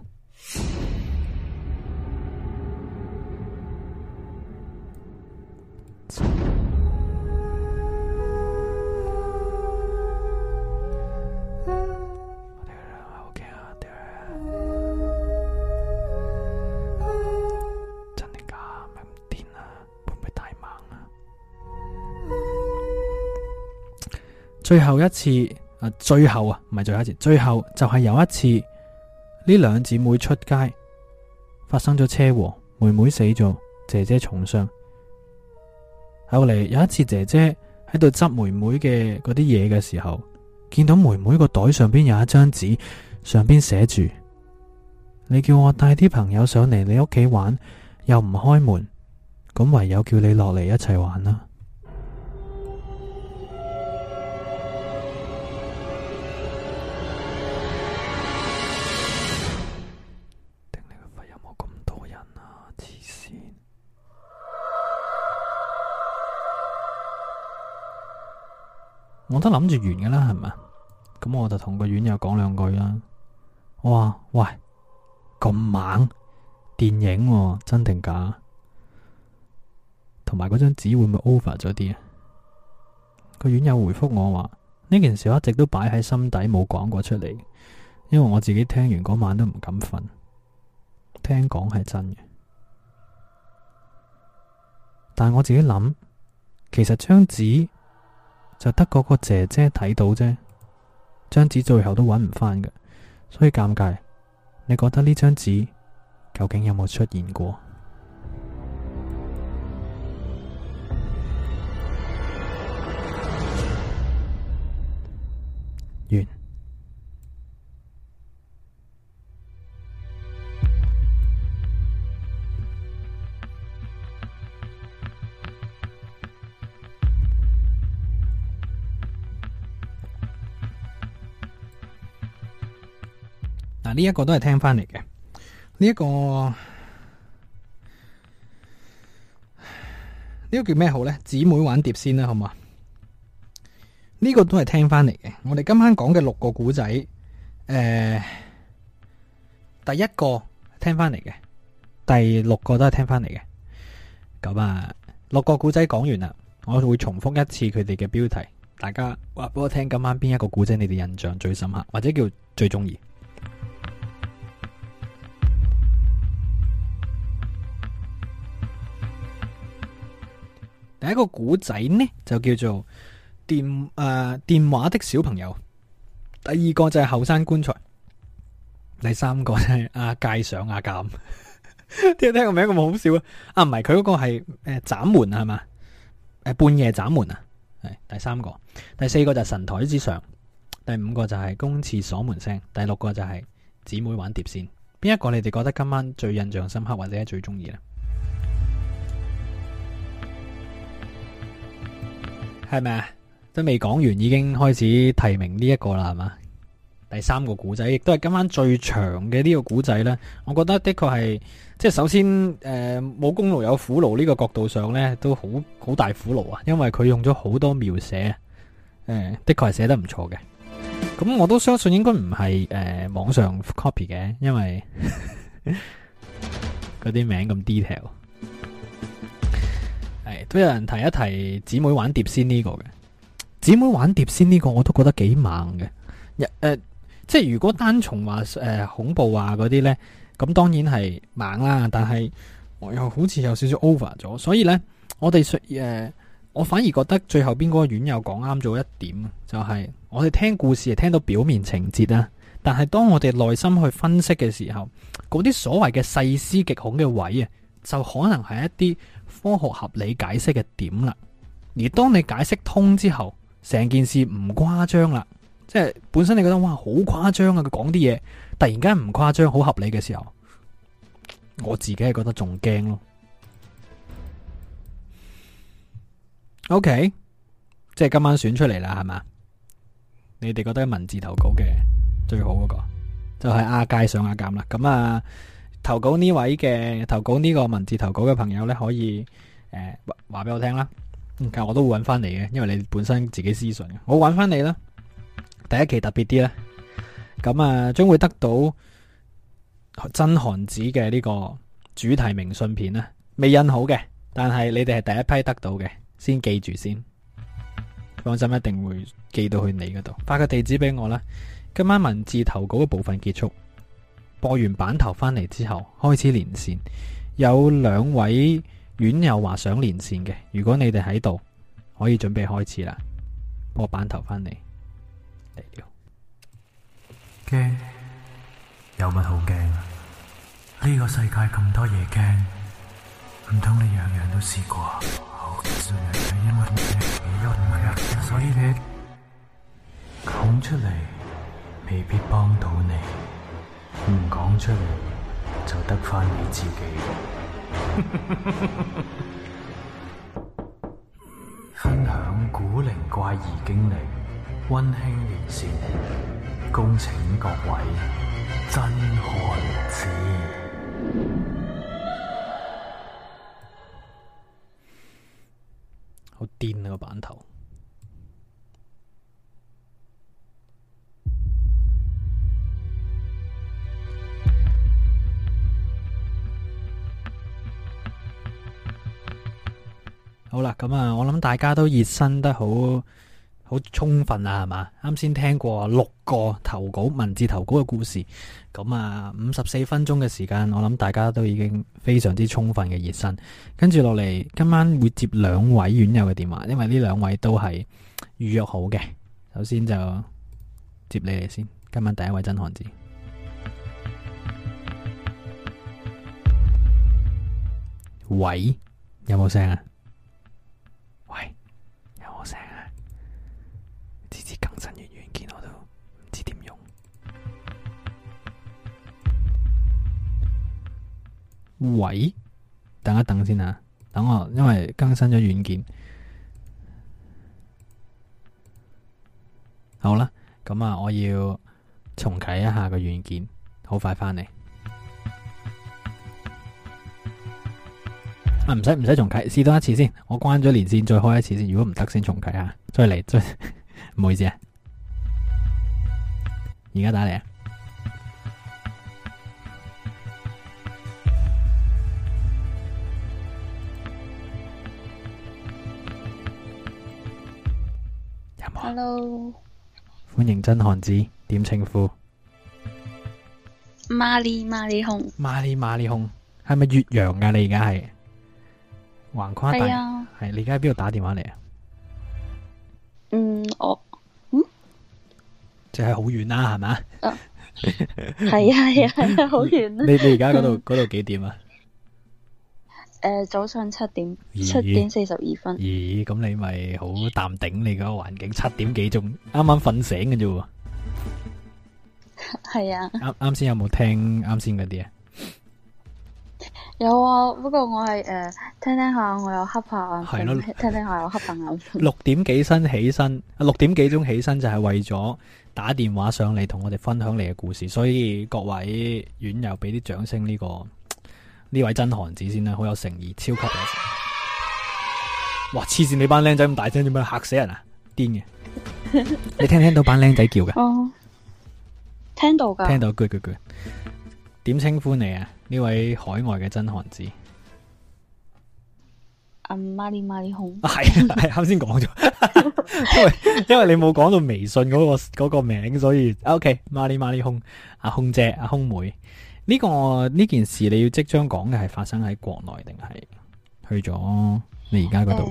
最後一次啊，最後啊，唔係最後一次，最後就係有一次。呢兩姊妹出街，發生咗車禍，妹妹死咗，姐姐重傷。後嚟有一次，姐姐喺度執妹妹嘅嗰啲嘢嘅時候，見到妹妹個袋上邊有一張紙，上邊寫住：你叫我帶啲朋友上嚟你屋企玩，又唔開門，咁唯有叫你落嚟一齊玩啦。我都諗住完嘅啦，係咪？咁我就同個院友講兩句啦。我話：喂，咁猛，電影喎，真定假？同埋嗰張紙會唔會 over 咗啲啊？個院友回覆我話：呢件事我一直都擺喺心底，冇講過出嚟，因為我自己聽完嗰晚都唔敢瞓。聽講係真嘅，但係我自己諗，其實張紙。就得嗰個姐姐睇到啫，張紙最後都揾唔翻嘅，所以尷尬。你覺得呢張紙究竟有冇出現過？完。呢一，啊這個都係聽翻嚟嘅。呢、這、一個呢、這個叫咩好呢？姊妹玩碟仙啦，好嘛？呢、這個都係聽翻嚟嘅。我哋今晚講嘅六個古仔，誒、呃，第一個聽翻嚟嘅，第六個都係聽翻嚟嘅。咁啊，六個古仔講完啦，我會重複一次佢哋嘅標題。大家話俾我聽，今晚邊一個古仔你哋印象最深刻，或者叫最中意？第一個古仔呢就叫做電誒、呃、電話的小朋友，第二個就係後生棺材，第三個就係阿介上阿、啊、鑑， (laughs) 聽唔聽個名咁好笑啊？啊唔係，佢嗰個係誒斬門係嘛？誒、呃、半夜斬門啊，係第三個，第四個就係神台之上，第五個就係公廁鎖門聲，第六個就係姊妹玩碟線，邊一個你哋覺得今晚最印象深刻或者最中意呢？係咪啊？都未講完，已經開始提名呢一個啦，係嘛？第三個古仔，亦都係今晚最長嘅呢個古仔咧。我覺得的確係，即係首先，誒、呃，冇功勞有苦勞呢個角度上咧，都好好大苦勞啊！因為佢用咗好多描寫，誒、嗯，的確係寫得唔錯嘅。咁我都相信應該唔係誒網上 copy 嘅，因為嗰啲 (laughs) (laughs) 名咁 detail。都有人提一提姊妹玩碟仙呢個嘅，姊妹玩碟仙呢個我都覺得幾猛嘅、啊呃。即係如果單從話誒、呃、恐怖啊嗰啲呢，咁當然係猛啦。但係我又好似有少少 over 咗，所以呢，我哋誒、呃，我反而覺得最後邊嗰個院友講啱咗一點，就係、是、我哋聽故事係聽到表面情節啦，但係當我哋內心去分析嘅時候，嗰啲所謂嘅細思極恐嘅位啊。就可能係一啲科學合理解釋嘅點啦，而當你解釋通之後，成件事唔誇張啦，即係本身你覺得哇好誇張啊，佢講啲嘢突然間唔誇張，好合理嘅時候，我自己係覺得仲驚咯。OK，即係今晚選出嚟啦，係嘛？你哋覺得文字投稿嘅最好嗰個就係阿佳上阿鑑啦，咁啊。投稿呢位嘅投稿呢個文字投稿嘅朋友呢，可以誒話俾我聽啦。嗯、但我都會揾翻你嘅，因為你本身自己私信，我揾翻你啦。第一期特別啲咧，咁啊，將會得到真寒子嘅呢個主題明信片啦，未印好嘅，但係你哋係第一批得到嘅，先記住先。放心，一定會寄到去你嗰度。發個地址俾我啦。今晚文字投稿嘅部分結束。播完版頭翻嚟之後，開始連線，有兩位院友話想連線嘅，如果你哋喺度，可以準備開始啦。播版頭翻嚟，嚟了。驚？有乜好驚啊？呢個世界咁多嘢驚，唔通你樣樣都試過？好嘅，所以你講出嚟未必幫到你。唔講出嚟就得翻你自己。 (laughs) 分享古靈怪異經歷，溫馨連線，恭請各位真漢子。 (noise) 好癲啊，這個版頭！好啦，咁啊，我諗大家都熱身得好好充分啊，係嘛？啱先聽過六個投稿、文字投稿嘅故事，咁啊五十四分鐘嘅時間，我諗大家都已經非常之充分嘅熱身。跟住落嚟，今晚會接兩位院友嘅電話，因為呢兩位都係預約好嘅。首先就接你哋先，今晚第一位真寒子，喂，有冇聲啊？喂，等一等先啊，等我，因為更新咗軟件，好啦，咁啊，我要重啟一下個軟件，好快翻嚟。啊，唔使唔使重啟，試多一次先。我關咗連線，再開一次先。如果唔得，先重啟下，再嚟，再，唔好意思啊。而家打嚟啊。Hello，歡迎真寒子，點稱呼？馬里馬里控，馬里馬里控，係咪越洋啊？你而家係橫跨大係、啊？你而家喺邊度打電話嚟啊、嗯？嗯，我嗯，即係好遠啦，係咪？嗯，係啊，係啊，好遠啦！你你而家嗰度嗰度幾點啊？ (laughs) 誒，uh, 早上七點，七點四十二分。咦、欸，咁、欸欸欸、你咪好淡定你？你嗰個環境七點幾鐘，啱啱瞓醒嘅啫。係啊，啱啱先有冇聽啱先嗰啲啊？剛剛有，有，剛剛有啊，不過我係誒聽聽下，我有瞌下，係咯，聽聽，聽下我有瞌下六點幾身起身，六點幾鐘起身就係為咗打電話上嚟同我哋分享你嘅故事，所以各位院友俾啲掌聲呢、這個。呢位真寒子先啦，好有誠意，超級有誠意。哇！黐線你班靚仔咁大聲，點樣吓死人啊？癲嘅， (laughs) 你聽唔聽到班靚仔叫嘅？哦，聽到噶。聽到，句句句。點稱呼你啊？呢位海外嘅真寒子。阿馬里馬里空。係係，啱先講咗，因為因為你冇講到微信嗰、嗰個、嗰個名，所以 OK，馬里馬里空，阿空姐，阿、啊、空妹。呢個呢件事你要即將講嘅係發生喺國內定係去咗你而家嗰度？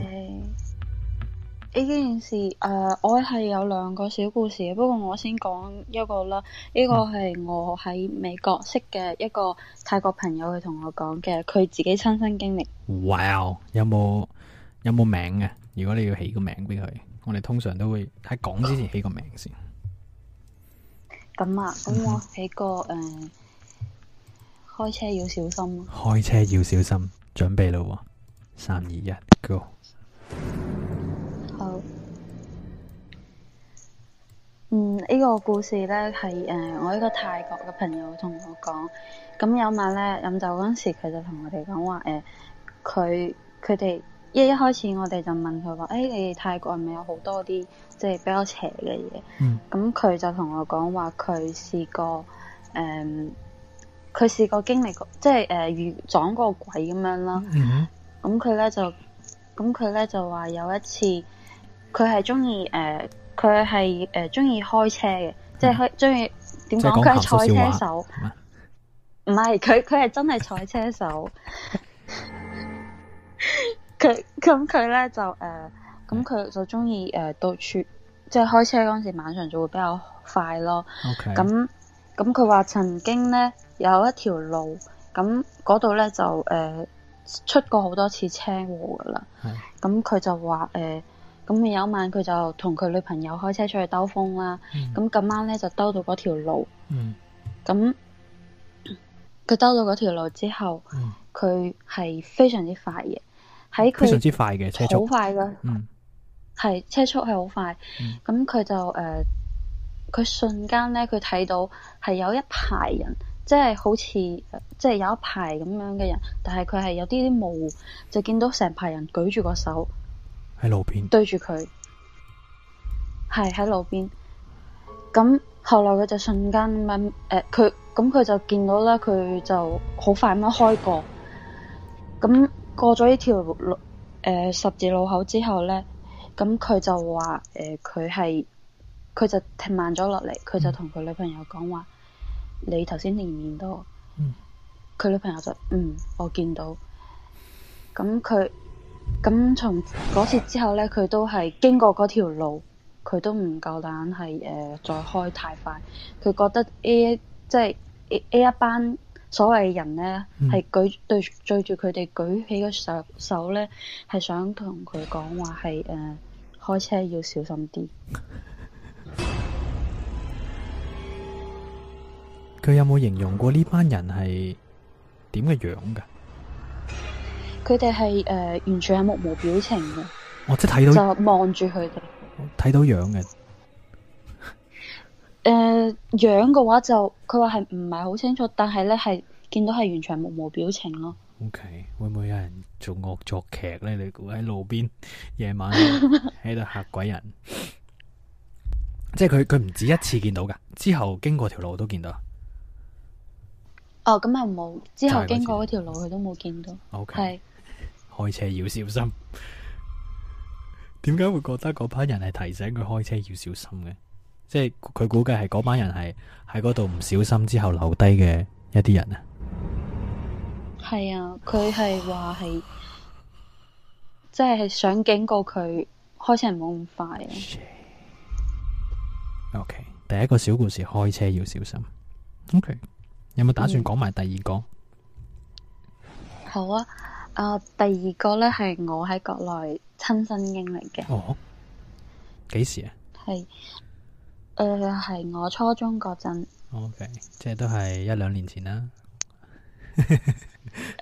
呢件事誒，我係有兩個小故事，不過我先講一個啦。呢個係我喺美國識嘅一個泰國朋友佢同我講嘅，佢自己親身經歷。哇！有冇有冇名嘅？如果你要起個名俾佢，我哋通常都會喺講之前起個名先。咁啊，咁我起個誒。開車要小心，啊。開車要小心，準備咯，三二一，Go。好。嗯、呢、這個故事咧係誒，我一個泰國嘅朋友同我講。咁有晚咧飲酒嗰時說說，佢就同我哋講話，誒，佢佢哋一一開始我哋就問佢話，誒、哎，你哋泰國係咪有好多啲即係比較邪嘅嘢？咁佢、嗯、就同我講話，佢試過誒。佢試過經歷過，即係誒、呃、遇撞過鬼咁樣啦。咁佢咧就，咁佢咧就話有一次，佢係中意誒，佢係誒中意開車嘅，嗯、即係開中意點講？佢係賽車手，唔係佢，佢係真係賽車手。佢咁佢咧就誒，咁、呃、佢就中意誒到處，即係開車嗰陣時，晚上就會比較快咯。咁 Okay. 咁佢話曾經呢有一條路，咁嗰度呢就誒、呃、出過好多次車禍噶啦。咁佢的、嗯、就話誒，咁、呃、有一晚佢就同佢女朋友開車出去兜風啦。咁今晚呢就兜到嗰條路。咁佢兜到嗰條路之後，佢係、嗯、非常之快嘅，喺佢非常之快嘅車速，好快嘅。嗯，係車速係好快。咁佢就誒。佢瞬間咧，佢睇到係有一排人，即係好似即係有一排咁樣嘅人，但係佢係有啲啲模糊，就見到成排人舉住個手，喺路邊對住佢，係喺路邊。咁、嗯、後來佢就瞬間咁誒，佢咁佢就見到啦，佢就好快咁樣開過。咁、嗯、過咗呢條誒十字路口之後咧，咁、嗯、佢就話，誒、呃，佢係。佢就停慢咗落嚟，佢就同佢女朋友講話：嗯、你頭先見唔見到？佢、嗯、女朋友就：嗯，我見到。咁佢咁從嗰次之後呢，佢都係經過嗰條路，佢都唔夠膽係誒再開太快。佢覺得呢一即係呢一班所謂嘅人呢，係、嗯、舉對對住佢哋舉起個手呢，係想同佢講話係誒開車要小心啲。佢有冇形容過呢班人係點嘅樣噶？佢哋係誒，完全係目無表情嘅。我、哦、即係睇到，就望住佢哋，睇到樣嘅。誒、呃，樣嘅話就，佢話係唔係好清楚，但係咧係見到係完全係目無表情咯。OK，會唔會有人做惡作劇咧？你估喺路邊夜晚喺度嚇鬼人？ (laughs) 即係佢佢唔止一次見到噶，之後經過條路都見到。哦，咁啊冇之後經過嗰條路，佢都冇見到。係 Okay. 是開車要小心。點 (laughs) 解會覺得嗰班人係提醒佢開車要小心嘅？即係佢估計係嗰班人係喺嗰度唔小心之後留低嘅一啲人啊。係啊，佢係話係，即係想警告佢開車唔好咁快啊。OK，第一個小故事，開車要小心。OK，嗯、有冇打算講埋第二個？好啊，誒、呃，第二個咧係我喺國內親身經歷嘅。哦，幾時啊？係，誒、呃，係我初中嗰陣。OK，即係都係一兩年前啦。誒、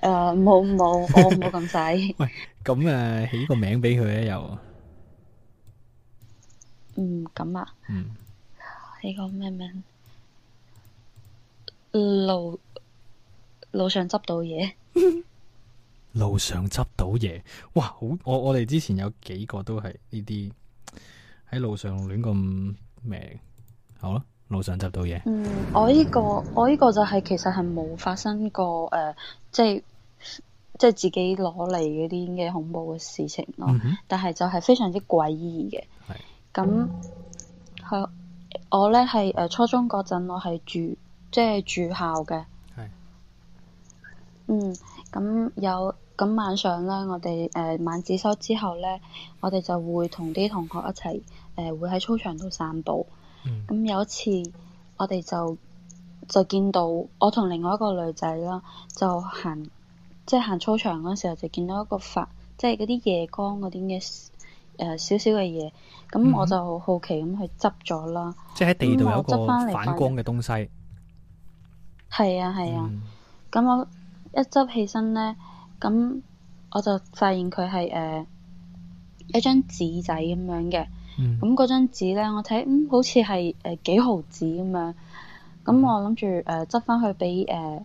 (laughs) 呃，冇冇，我冇咁細。 (laughs) 喂，咁誒，起個名俾佢咧又？嗯，咁啊。嗯。呢個咩名？路路上執到嘢？路上執到嘢，哇 (laughs) 好，我我哋之前有幾個都係呢啲喺路上亂咁咩？好咯，路上執到嘢。嗯，我呢、這個我呢個就係其實係冇發生過誒，即係即係自己攞嚟嗰啲嘅恐怖嘅事情咯。嗯、哼但係就係非常之詭異嘅，咁係是。我咧係誒初中嗰陣是、嗯，我係住即係住校嘅。嗯、呃，咁有咁晚上咧，我哋誒晚自修之後咧，我哋就會同啲同學一齊誒、呃、會喺操場度散步。嗯。咁有一次，我哋就就見到我同另外一個女仔啦，就行即係行操場嗰時候就見到一個發即係嗰啲夜光嗰啲嘅。誒，少少嘅嘢，咁我就好、嗯、好奇咁去執咗啦。即係喺地度有一個反光嘅東西。係啊，係啊，咁、啊嗯、我一執起身咧，咁、嗯、我就發現佢係誒一張紙仔咁樣嘅。咁嗰張紙咧，我睇、嗯，好似係誒幾毫紙咁樣。咁、嗯、我諗住誒執翻去俾誒，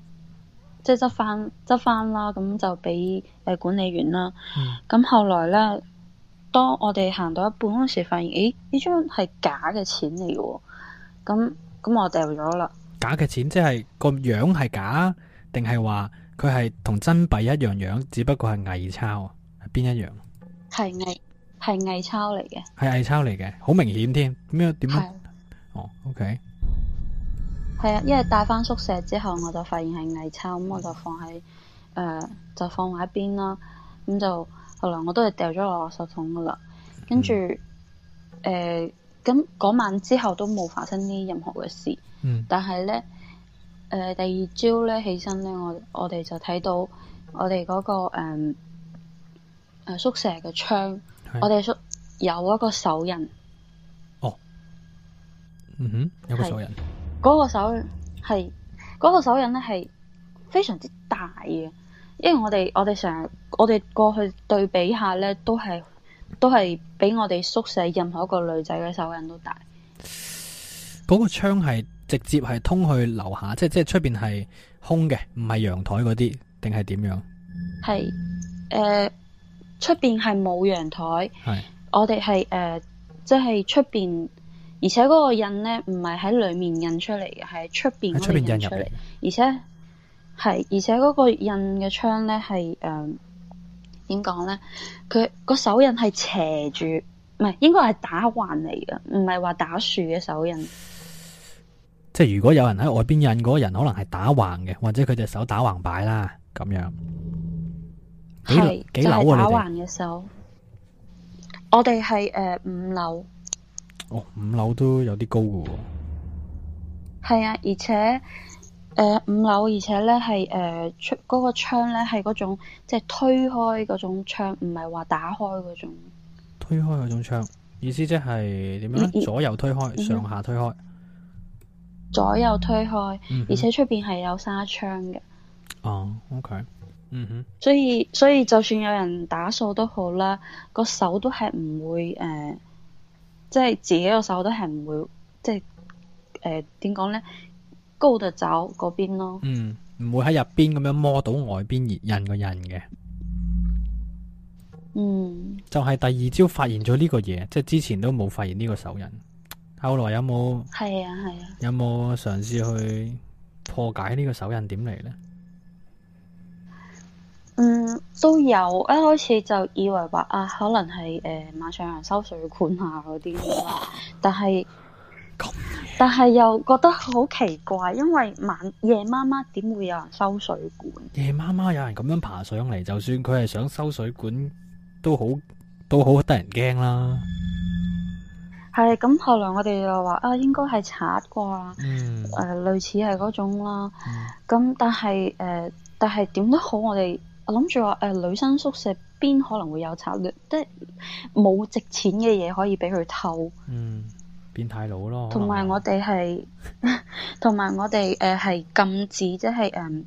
即係執翻執翻啦，咁就俾誒管理員啦。咁、嗯、後來咧。當我哋行到一半嗰陣時，發現誒呢張係假嘅錢嚟嘅，咁咁我掉咗啦。假嘅錢即係個樣係假，定係話佢係同真幣一樣樣，只不過係偽鈔啊？邊一樣？係偽係偽鈔嚟嘅，係偽鈔嚟嘅，好明顯添。咩點啊？哦，OK，係啊，因為帶翻宿舍之後，我就發現係偽鈔，咁我就放喺誒、呃、就放喺一邊啦，咁就。好啦，我都係掉咗落垃圾桶噶啦，跟住誒，咁嗰、嗯呃、晚之後都冇發生啲任何嘅事，嗯、但係咧誒，第二朝咧起身咧，我我哋就睇到我哋嗰、嗰個誒誒宿舍嘅窗，呃、的我哋宿有一個手印。哦，嗯哼，有一個手印。嗰、嗰個手印係，嗰、嗰個手印咧係非常之大嘅。因為我哋我哋成日我哋過去對比下咧，都係都係比我哋宿舍任何一個女仔嘅手印都大。嗰個窗係直接係通去樓下，即係即係出邊係空嘅，唔係陽台嗰啲，定係點樣？係誒，出邊係冇陽台。係是。我哋係誒，即係出邊，而且嗰個印咧唔係喺裡面印出嚟嘅，係出邊。出邊印出嚟。入入而且。係，而且嗰個印嘅窗咧係誒，點講咧？佢、呃、個手印係斜住，唔係應該係打橫嚟嘅，唔係話打豎嘅手印。即係如果有人喺外邊印，嗰個人可能係打橫嘅，或者佢隻手打橫擺啦，咁樣。是幾幾樓啊？打橫嘅手你們？我哋係誒，五樓。呃、樓哦，五樓都有啲高嘅。係啊，而且。誒、呃，五樓，而且咧係誒出嗰、那個窗咧係嗰種即係推開嗰種窗，唔係話打開嗰種。推開嗰種窗，意思即係點樣？左右推開，嗯、哼上下推開。左右推開，而且出邊係有紗窗嘅。哦，OK，嗯哼。所以、啊 okay 嗯、所以，所以就算有人打掃都好啦，個手都係唔會誒、呃，即係自己個手都係唔會即係誒點講咧？呃高就走嗰邊咯，嗯，唔會喺入邊咁樣摸到外邊印個印嘅，嗯，就係第二朝發現咗呢個嘢，即係之前都冇發現呢個手印，後來有冇？係啊係啊。啊有冇嘗試去破解呢個手印點嚟呢？嗯，都有，一開始就以為話啊，可能係誒，晚、呃、馬上有人收水管啊嗰啲，但係。但係又覺得好奇怪，因為晚夜媽媽點會有人收水管？夜媽媽有人咁樣爬上嚟，就算佢係想收水管，都好都好得人驚啦。係咁，後來我哋又話啊，應該係賊啩，誒、嗯呃，類似係嗰種啦。咁、嗯、但係誒、呃，但係點都好，我哋我諗住話誒，女生宿舍邊可能會有賊咧，即係冇值錢嘅嘢可以俾佢偷。嗯變態佬咯，同埋我哋係，同埋 (laughs) 我哋誒係禁止，即係誒，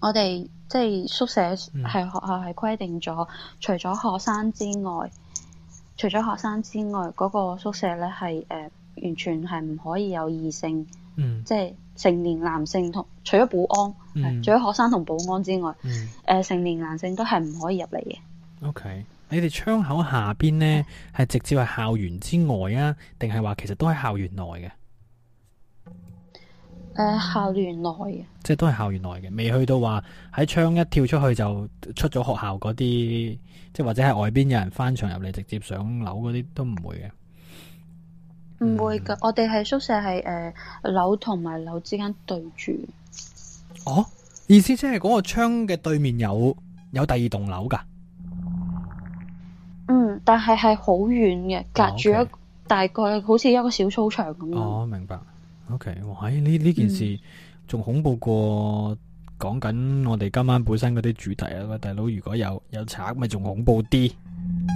我哋即係宿舍係學校係規定咗，嗯、除咗學生之外，除咗學生之外，嗰、嗰個宿舍咧係誒完全係唔可以有異性，即係、嗯、成年男性同除咗保安，嗯、除咗學生同保安之外，誒、嗯呃、成年男性都係唔可以入嚟嘅。Okay. 你哋窗口下邊呢，係直接係校園之外啊？定係話其實都喺校園內嘅？誒、uh，校園內嘅，即係都係校園內嘅，未去到話喺窗一跳出去就出咗學校嗰啲，即係或者係外邊有人翻牆入嚟直接上樓嗰啲都唔會嘅。唔會噶，嗯、我哋係宿舍係誒樓同埋樓之間對住。哦，意思即係嗰個窗嘅對面有有第二棟樓噶？嗯，但係係好遠嘅，隔住一個、哦 okay. 大概好似一個小操場咁樣。哦，明白。OK，哇！呢呢件事仲恐怖過講緊我哋今晚本身嗰啲主題啊，喂大佬如果有有賊咪仲恐怖啲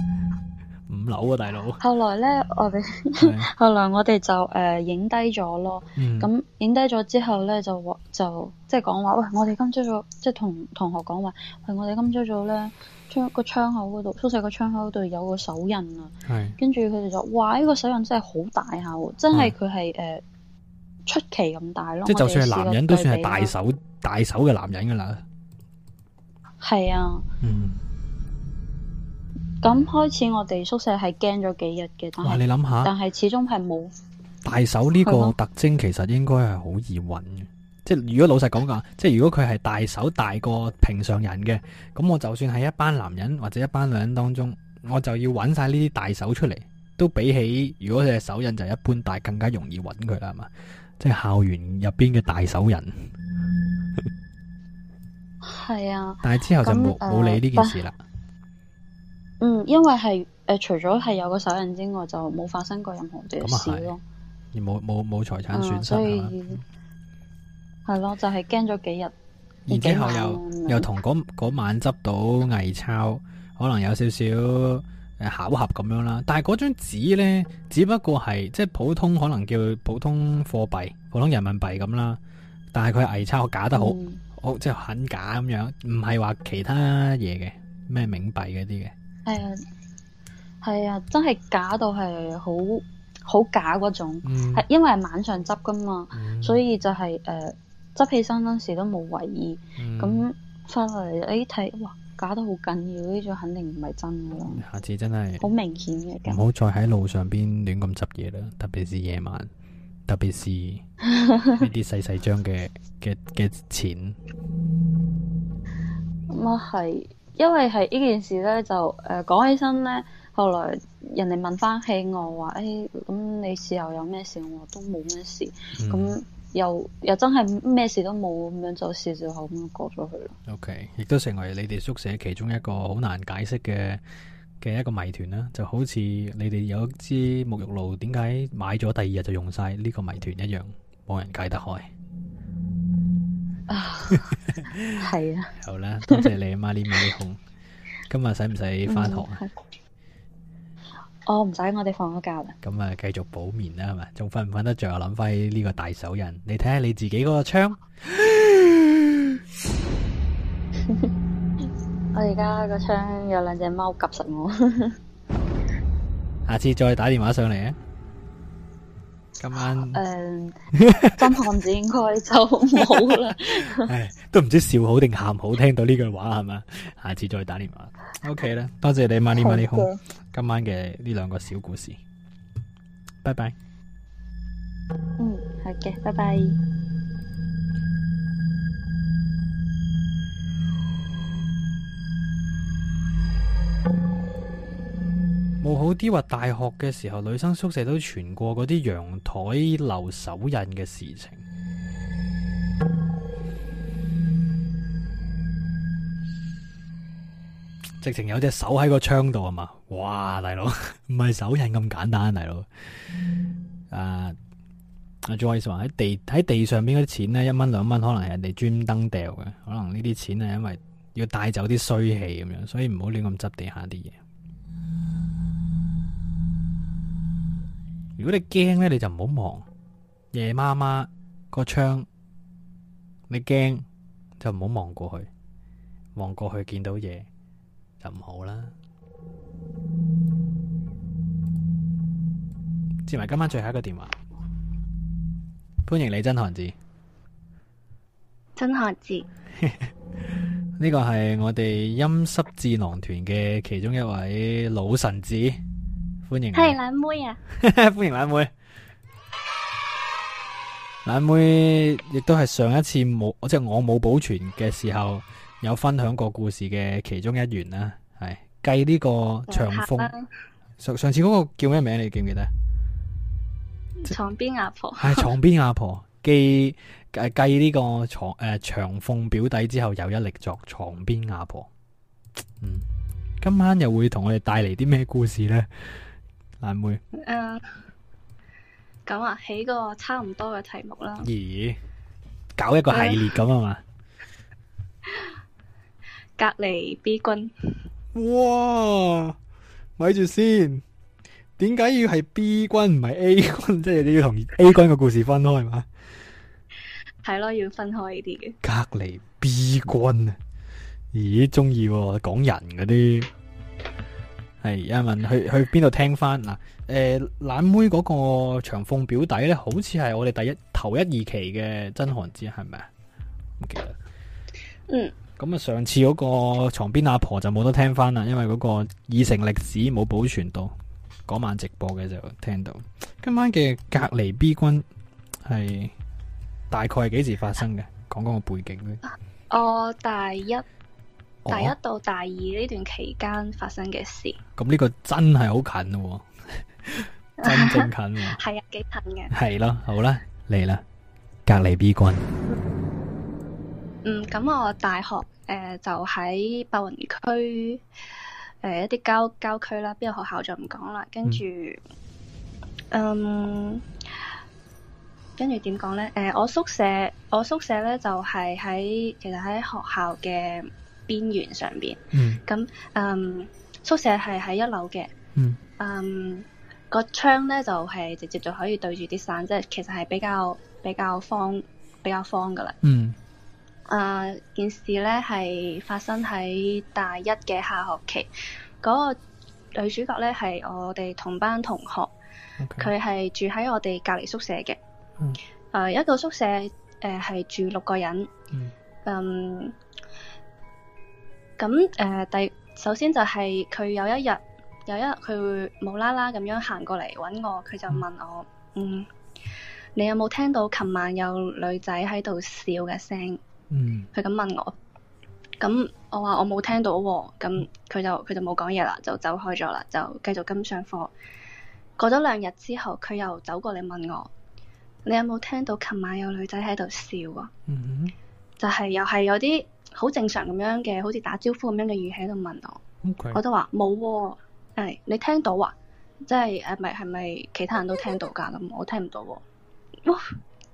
(laughs) 五樓啊，大佬。後來咧，我哋 (laughs) 後來我哋就誒影低咗咯。咁影低咗之後咧，就就，就即係講話喂，我哋今朝早即係、就是、同同學講話，係我哋今朝早咧。窗個窗口嗰度，宿舍個窗口嗰度有個手印啊，跟住佢哋就，哇！呢個手印真係好大下，真係佢係誒出奇咁大咯。即係就算係男人都算係大手大手嘅男人噶啦。係啊。嗯。咁開始我哋宿舍係驚咗幾日嘅，但係你諗下，但係始終係冇大手呢個特徵，其實應該係好易揾嘅。即係如果老實講噶，即係如果佢係大手大過平常人嘅，咁我就算喺一班男人或者一班女人當中，我就要揾晒呢啲大手出嚟，都比起如果佢係手印就一般大，更加容易揾佢啦，係嘛？即係校園入邊嘅大手印，係 (laughs) 啊。但係之後就冇冇、嗯、理呢件事啦。嗯，因為係誒、呃，除咗係有個手印之外，就冇發生過任何嘅事咯，而冇冇冇財產損失、嗯係咯，就係驚咗幾日，然之後又又同嗰晚執到偽鈔，可能有少少誒巧合咁樣啦。但係嗰張紙呢，只不過係即係普通，可能叫普通貨幣、普通人民幣咁啦。但係佢係偽鈔，假得好，好即係很假咁樣，唔係話其他嘢嘅咩冥幣嗰啲嘅。係啊、呃，係啊，真係假到係好好假嗰種，係、嗯、因為係晚上執噶嘛，嗯、所以就係、是、誒。呃執起身嗰時都冇懷疑，咁翻落嚟哎睇，哇假得好緊要，呢種肯定唔係真嘅。下次真係好明顯嘅，唔好再喺路上邊亂咁執嘢啦，特別是夜晚，特別是呢啲細細張嘅嘅嘅錢。咁啊係，因為係呢件事咧就誒講、呃、起身咧，後來人哋問翻起我話，哎咁你事後有咩事？我話都冇咩事，咁、嗯。嗯又又真係咩事都冇咁樣就，就笑笑口咁過咗去咯。OK，亦都成為你哋宿舍其中一個好難解釋嘅嘅一個謎團啦，就好似你哋有一支沐浴露，點解買咗第二日就用晒呢個謎團一樣，冇人解得開。啊，係 (laughs) 啊。 (laughs) 好啦，多謝你阿媽呢啲胸。今日使唔使翻學啊？嗯哦，唔使，我哋放咗假啦。咁啊，繼續補眠啦，係咪？仲瞓唔瞓得着？我諗翻起呢個大手印，你睇下你自己嗰個窗。 (laughs) (laughs) 我而家個窗有兩隻貓夾實我。 (laughs) 下次再打電話上嚟。今晚，誒、 (laughs) 啊，真、呃、漢子應該就冇啦 (laughs) (laughs) 都唔知笑好定喊好，聽到呢句話係咪？下次再打電話。O K 啦，多謝你，money money。今晚嘅呢兩個小故事，拜拜。嗯，好嘅，拜拜。冇好啲，話大學嘅時候，女生宿舍都傳過嗰啲陽台留手印嘅事情。直情有隻手喺個窗度，吖嘛？哇，大佬唔係手印咁簡單，大佬，啊、uh,，阿 Joyce 說話喺地喺地上邊嗰啲錢呢，一蚊兩蚊，可能係人哋專登掉嘅。可能呢啲錢係因為要帶走啲衰氣咁樣，所以唔好亂咁執地下啲嘢。如果你驚咧，你就唔好望夜媽媽、個窗。你驚就唔好望過去，望過去見到嘢。就唔好啦。接埋今晚最後一個電話，歡迎你，真寒子，真寒子。呢個係我哋陰濕智囊團嘅其中一位老臣子，歡迎你。係懶妹啊！ (laughs) 歡迎懶妹，懶妹亦都係上一次冇，即係我冇保存嘅時候。有分享過故事嘅其中一員啦，係計呢個長鳳、嗯、上上次嗰個叫咩名？你記唔記得？床邊阿婆係床邊阿婆，繼、誒計呢個床誒長鳳、呃、表弟之後又一力作床邊阿婆。嗯，今晚又會同我哋帶嚟啲咩故事呢？蘭妹，嗯、呃，咁啊，起個差唔多嘅題目啦。咦，搞一個系列咁啊嘛？ (laughs) 隔離 B 君，哇，咪住先，點解要係 B 君唔係 A 君？即係你要同 A 君個故事分開嘛？係咯， (laughs) 要分開啲嘅。隔離 B 君啊，咦，中意喎，講人嗰啲係而家問去去邊度聽翻嗱？誒、啊，懶、欸、妹嗰個長鳳表弟咧，好似係我哋第一頭一二期嘅真寒子，係咪啊？唔記得，嗯。咁啊，上次嗰個床邊阿婆就冇得聽翻啦，因為嗰個已成歷史，冇保存到嗰晚直播嘅就聽到。今晚嘅隔離 B 君係大概係幾時發生嘅？講講個背景先。我大一，大一到大二呢段期間發生嘅事。咁呢、哦、個真係好近咯、啊，真正近。係啊，幾、 (laughs) 啊、近嘅。係咯，好啦，嚟啦，隔離 B 君。嗯，咁我大學誒、呃、就喺白雲區誒一啲郊郊區啦，邊個學校就唔講啦。跟住，嗯，嗯，跟住點講咧？誒、呃，我宿舍我宿舍咧就係、是、喺其實喺學校嘅邊緣上邊。嗯，咁嗯宿舍係喺一樓嘅。嗯，嗯那個窗咧就係、是、直接就可以對住啲山，即係其實係比較比較方比較方噶啦。嗯。誒，uh, 件事咧係發生喺大一嘅下學期。嗰、那個女主角咧係我哋同班同學，佢係 Okay. 住喺我哋隔籬宿舍嘅。誒、嗯，uh, 一個宿舍誒係、呃、住六個人。嗯，咁誒、um, 第、呃、首先就係、是、佢有一日有一日佢冇啦啦咁樣行過嚟揾我，佢就問我，嗯、嗯，你有冇聽到琴晚有女仔喺度笑嘅聲？嗯，佢咁問我，咁我話我冇聽到喎，咁佢就佢就冇講嘢啦，就走開咗啦，就繼續跟上課。過咗兩日之後，佢又走過嚟問我，你有冇聽到琴晚有女仔喺度笑啊？嗯哼、嗯，就係又係有啲好正常咁樣嘅，好似打招呼咁樣嘅語氣喺度問我。Okay. 我都話冇喎，係你聽到啊？即係誒，咪係咪其他人都聽到噶？咁 (laughs) 我聽唔到喎哦。哇！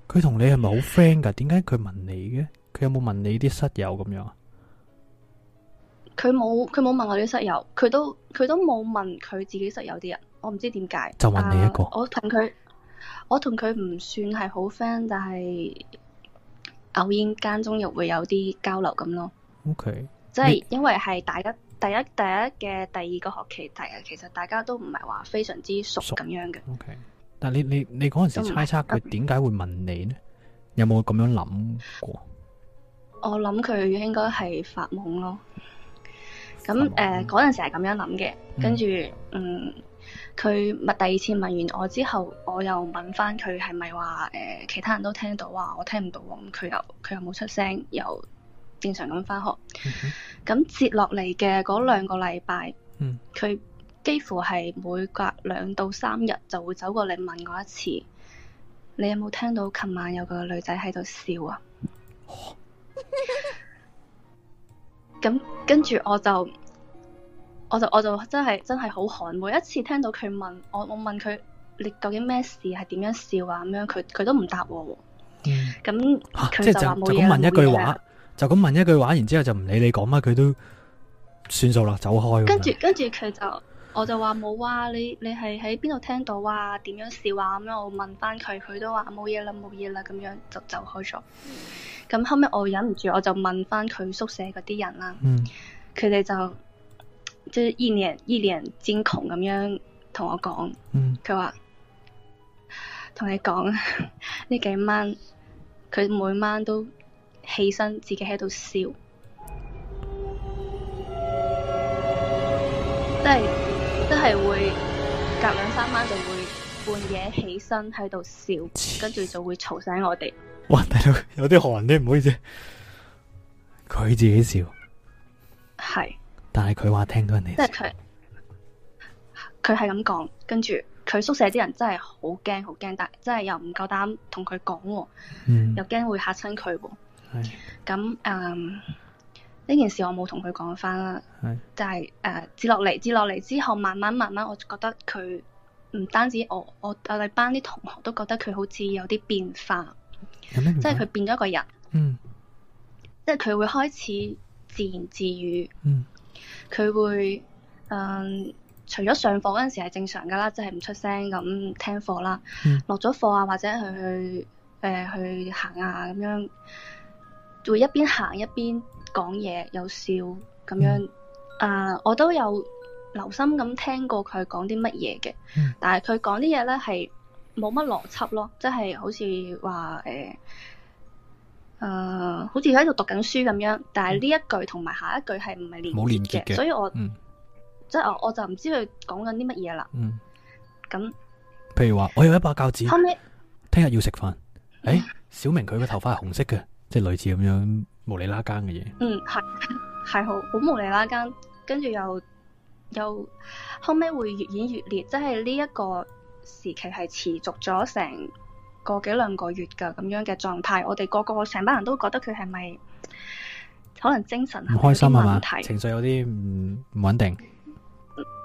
佢同你係咪好 friend 噶？點解佢問你嘅？佢有冇問你啲室友咁樣啊？佢冇，佢冇問我啲室友。佢都佢都冇問佢自己室友啲人。我唔知點解。就問你一個。我同佢，我同佢唔算係好 friend，但係偶然間中又會有啲交流咁咯。OK，即係因為係第一你第一第一嘅第二個學期，大家其實大家都唔係話非常之熟咁樣嘅。O、okay. K，但係你你你嗰陣時猜測佢點解會問你呢？嗯、有冇咁樣諗過？我諗佢應該係發懵咯。咁誒，嗰陣時係咁樣諗嘅，跟住嗯，佢問第二次問完我之後，我又問翻佢係咪話誒，其他人都聽到啊，我聽唔到啊，咁佢又佢又冇出聲，又正常咁翻學。咁接落嚟嘅嗰兩個禮拜，佢幾乎係每隔兩到三日就會走過嚟問我一次，你有冇聽到琴晚有個女仔喺度笑啊？咁 (laughs) 跟住我就，我就我就真係真係好寒。每一次聽到佢問我，我問佢你究竟咩事，係點樣笑啊？咁樣佢佢都唔答我。咁、嗯啊、即係就、啊、就咁問一句話，啊、就咁問一句話，然後之後就唔理你講乜，佢都算數啦，走開跟。跟住跟住佢就。我就話冇啊，你你係喺邊度聽到啊？點樣笑啊？咁樣我問翻佢，佢都話冇嘢啦，冇嘢啦，咁樣就走開咗。咁後尾我忍唔住，我就問翻佢宿舍嗰啲人啦。佢哋、嗯、就即係依年依年戰窮咁樣同我講。佢話、嗯：同你講啊，呢 (laughs) 幾晚佢每晚都起身自己喺度笑，都係。即係會隔兩三晚就會半夜起身喺度笑，跟住就會嘈醒我哋。哇，有啲寒啲，唔好意思。佢自己笑，係是。但係佢話聽到人哋，即係佢，佢係咁講，跟住佢宿舍啲人真係好驚，好驚，但係真係又唔夠膽同佢講，嗯，又驚會嚇親佢。係是。咁，嗯、um,。呢件事我冇同佢講返啦，就係誒，接落嚟，接落嚟之後，慢慢慢慢，我覺得佢唔單止我，我我哋班啲同學都覺得佢好似有啲變化，即係佢變咗個人，嗯，即係佢會開始自言自語，嗯，佢會誒、呃，除咗上課嗰陣時係正常㗎啦，即係唔出聲咁聽課啦，落咗課啊，課或者去去誒、呃、去行啊咁樣，會一邊行一邊。講嘢有笑咁樣，嗯、啊，我都有留心咁聽過佢講啲乜嘢嘅，嗯、但係佢講啲嘢咧係冇乜邏輯咯，即、就、係、是、好似話誒，誒、呃，好似喺度讀緊書咁樣，但係呢一句同埋下一句係唔係連冇連接嘅，所以我即係、嗯、我我就唔知佢講緊啲乜嘢啦。嗯，咁樣，譬如話我有一把膠紙，後尾你，聽日要食飯，誒、欸， (laughs) 小明佢嘅頭髮係紅色嘅，即係類似咁樣。無厘啦更嘅嘢，嗯，係係好好無厘啦更。跟住又又後尾會越演越烈，即係呢一個時期係持續咗成個幾兩個月噶咁樣嘅狀態，我哋個個成班人都覺得佢係咪可能精神唔開心啊嘛，情緒有啲唔唔穩定。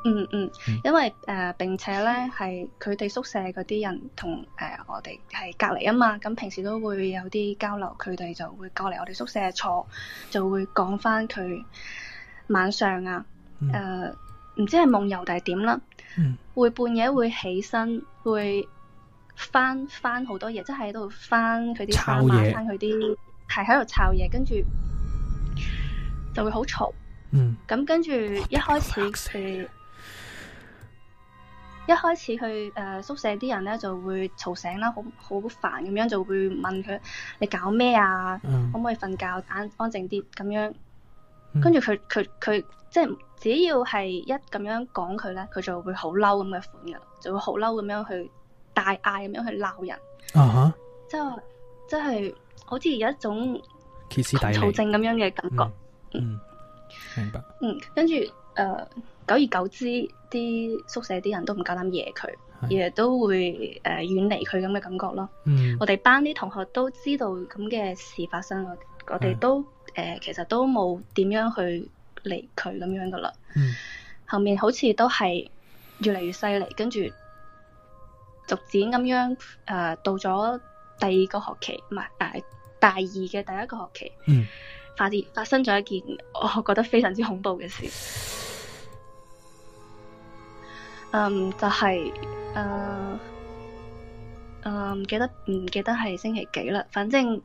嗯嗯，因為誒、呃，並且咧係佢哋宿舍嗰啲人同誒、呃、我哋係隔籬啊嘛，咁、嗯、平時都會有啲交流，佢哋就會過嚟我哋宿舍坐，就會講翻佢晚上啊，誒唔、嗯呃、知係夢遊定係點啦，嗯、會半夜會起身會翻翻好多嘢，即係喺度翻佢啲炒嘢，掃嘢翻佢啲係喺度炒嘢，跟住就會好嘈。嗯，咁跟住一開始佢一開始佢誒、呃、宿舍啲人咧就會嘈醒啦，好好煩咁樣就會問佢你搞咩啊？嗯、可唔可以瞓覺安安靜啲？咁樣跟住佢佢佢即係只要係一咁樣講佢咧，佢就會好嬲咁嘅款噶，就會好嬲咁樣去大嗌咁樣去鬧人啊哈！吓，即係即係好似有一種大嘈症咁樣嘅感覺，嗯。嗯明白。嗯，跟住誒，久而久之，啲宿舍啲人都唔夠膽惹佢，亦的都會誒、呃、遠離佢咁嘅感覺咯。嗯，我哋班啲同學都知道咁嘅事發生，我我哋都誒的、呃、其實都冇點樣去離佢咁樣噶啦。嗯，後面好似都係越嚟越犀利，跟住逐漸咁樣誒、呃、到咗第二個學期，唔係誒大二嘅第一個學期。嗯。嗯。發生發生咗一件我覺得非常之恐怖嘅事，嗯、um, 就是，就係誒誒唔記得唔記得係星期幾啦，反正誒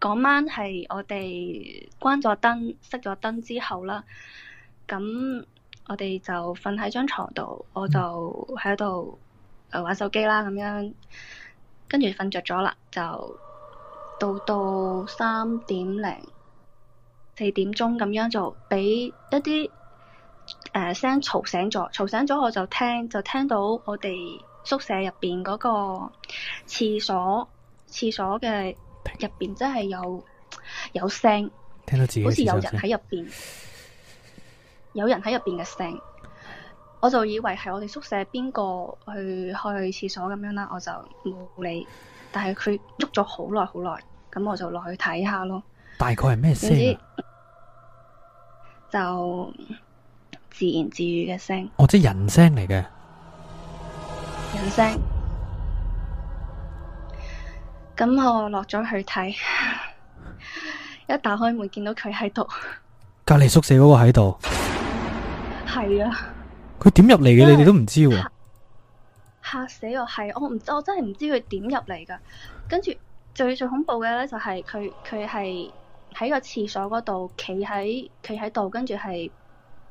嗰、uh, 晚係我哋關咗燈、熄咗燈之後啦，咁我哋就瞓喺張床度，我就喺度玩手機啦，咁樣跟住瞓着咗啦，就。到到三點零四點鐘咁樣就俾一啲誒聲嘈醒咗，嘈醒咗我就聽就聽到我哋宿舍入邊個廁所廁所嘅入邊真係有有聲，聽到自己好似有人喺入邊， (laughs) 有人喺入邊嘅聲，我就以為係我哋宿舍邊個去去廁所咁樣啦，我就冇理，但係佢喐咗好耐好耐。咁我就落去睇下咯。大概係咩聲？就自言自語嘅聲。哦，即係人聲嚟嘅。人聲。咁我落咗去睇， (laughs) 一打開門見到佢喺度。隔籬宿舍嗰個喺度。係啊 (laughs) 的。佢點入嚟嘅？的你哋都唔知吓。嚇死我！係我唔我真係唔知佢點入嚟噶，跟住。最最恐怖嘅咧，就係佢佢係喺個廁所嗰度，企喺企喺度，跟住係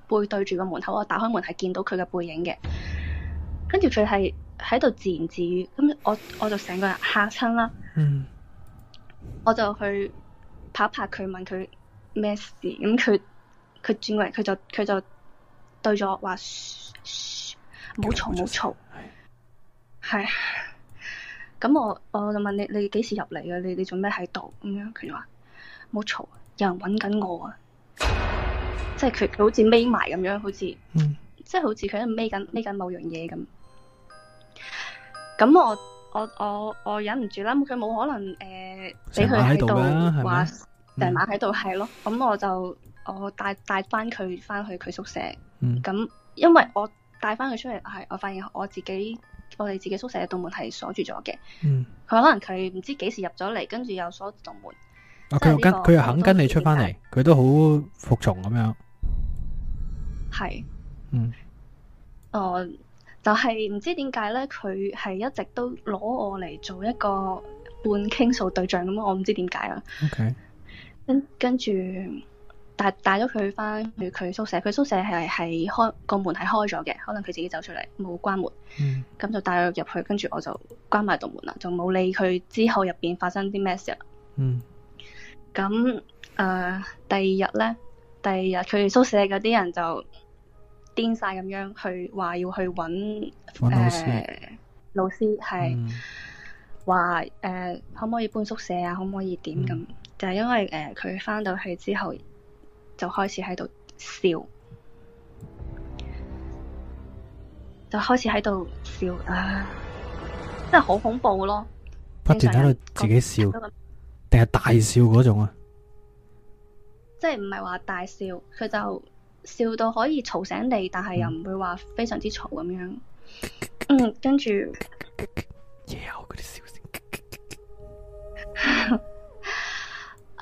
背對住個門口，我打開門，係見到佢嘅背影嘅，跟住佢係喺度自言自語，咁我我就成個人嚇親啦。嗯，我就，嗯、我就去拍一拍佢，問佢咩事，咁佢佢轉過嚟，佢就佢就對咗我話噓，噓，冇嘈冇嘈，係。咁我我就問你，你幾時入嚟嘅？你你做咩喺度？咁樣佢就話冇嘈，有人搵緊我啊！即係佢，好似眯埋咁樣，好似，即係好似佢喺度眯緊眯緊某樣嘢咁。咁我我我我忍唔住啦！佢冇可能誒，俾佢喺度話成晚喺度係咯。咁我就我帶帶翻佢翻去佢宿舍。咁、嗯、因為我帶翻佢出嚟，係我發現我自己。我哋自己宿舍嘅道門係鎖住咗嘅，佢、嗯、可能佢唔知幾時入咗嚟，跟住又鎖住道門。啊 Okay,、這個，佢又跟佢又肯跟，跟你出翻嚟，佢都好服從咁樣。係是，嗯，哦，就係、是、唔知點解咧，佢係一直都攞我嚟做一個半傾訴對象咁啊、嗯，我唔知點解啦。OK，跟跟住。但係帶咗佢翻去佢宿舍，佢宿舍係係開個門係開咗嘅，可能佢自己走出嚟冇關門。嗯，咁就帶佢入去，跟住我就關埋道門啦，就冇理佢之後入邊發生啲咩事啦。嗯，咁誒、呃、第二日呢，第二日佢哋宿舍嗰啲人就癲晒咁樣去話要去揾誒老師，係話誒可唔可以搬宿舍啊？可唔可以點咁？就係、嗯嗯、因為誒佢翻到去之後。就開始喺度笑，就開始喺度笑啊！真係好恐怖咯！不斷喺度自己笑，定係大笑嗰種啊？即係唔係話大笑，佢就笑到可以嘈醒你，但係又唔會話非常之嘈咁樣。嗯，跟住。Yeah, (laughs)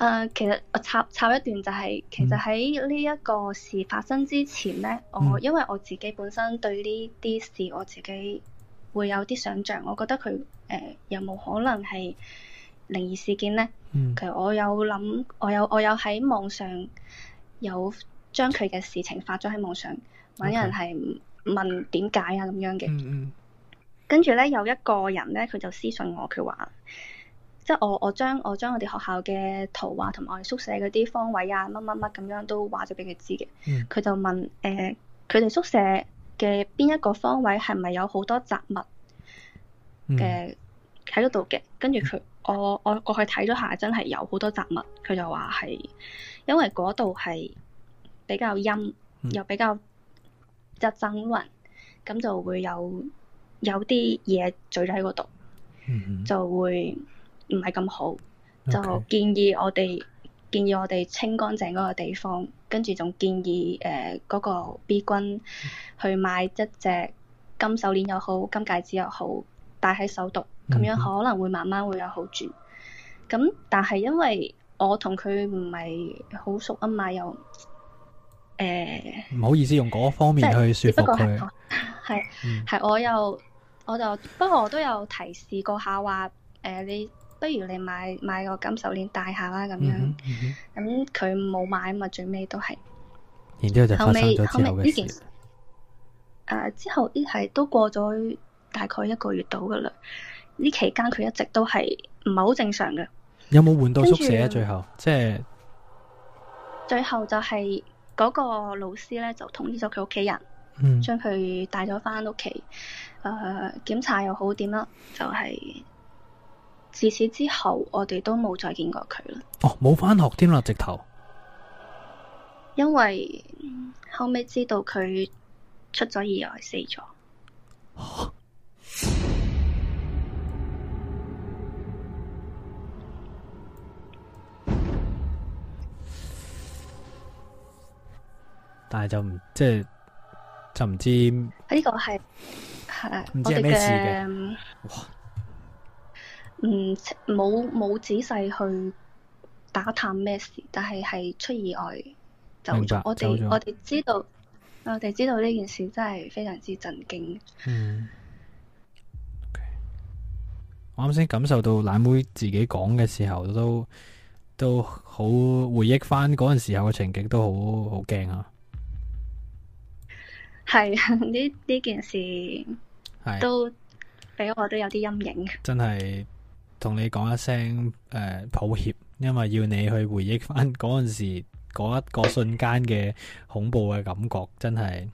誒，uh, 其實我插插一段、就係，就係其實喺呢一個事發生之前呢，嗯、我因為我自己本身對呢啲事，我自己會有啲想象，我覺得佢誒、呃、有冇可能係靈異事件呢？嗯、其實我有諗，我有我有喺網上有將佢嘅事情發咗喺網上，揾人係問點解啊咁 Okay, okay. 樣嘅。嗯嗯、跟住呢，有一個人呢，佢就私信我，佢話。即係我我將我將我哋學校嘅圖畫同埋我哋宿舍嗰啲方位啊乜乜乜咁樣都話咗俾佢知嘅，佢、嗯、就問誒，佢、呃、哋宿舍嘅邊一個方位係咪有好多雜物嘅喺嗰度嘅？跟住佢我我過去睇咗下，真係有好多雜物。佢就話係因為嗰度係比較陰、嗯、又比較，比較爭論，咁就會有有啲嘢聚咗喺嗰度，嗯、就會。唔係咁好，就建議我哋 Okay. 建議我哋清乾淨嗰個地方，跟住仲建議誒嗰、呃那個 B 君去買一隻金手鏈又好，金戒指又好，戴喺手度，咁樣可能會慢慢會有好轉。咁、mm hmm. 但係因為我同佢唔係好熟啊嘛，又誒，唔、呃、好意思用嗰方面去説、就是、服佢，係係、mm hmm. 我又我就不過我都有提示過下話誒你，呃呃不如你買買個金手鏈戴下啦，咁樣，咁佢冇買啊嘛，最尾都係，然之後就後尾後尾呢件事，誒、呃、之後呢係都過咗大概一個月到噶啦，呢期間佢一直都係唔係好正常噶，有冇換到宿舍最後即係，著最後就係嗰個老師咧就通知咗佢屋企人，將佢帶咗翻屋企，誒檢、呃、查又好點啦，就係、是。自此之後，我哋都冇再見過佢啦。哦，冇翻學添啦，直頭。因為後尾知道佢出咗意外死咗。但係就唔即係就唔知呢個係係唔知係咩事嘅。啊嗯，冇冇仔細去打探咩事，但係係出意外就我哋我哋知道，我哋知道呢件事真係非常之震驚。嗯，okay. 我啱先感受到奶妹自己講嘅時候，都都好回憶翻嗰陣時候嘅情景，都好好驚啊。係呢呢件事是，係都俾我都有啲陰影。真係。同你講一聲誒、呃，抱歉，因為要你去回憶翻嗰陣時嗰一個瞬間嘅恐怖嘅感覺，真係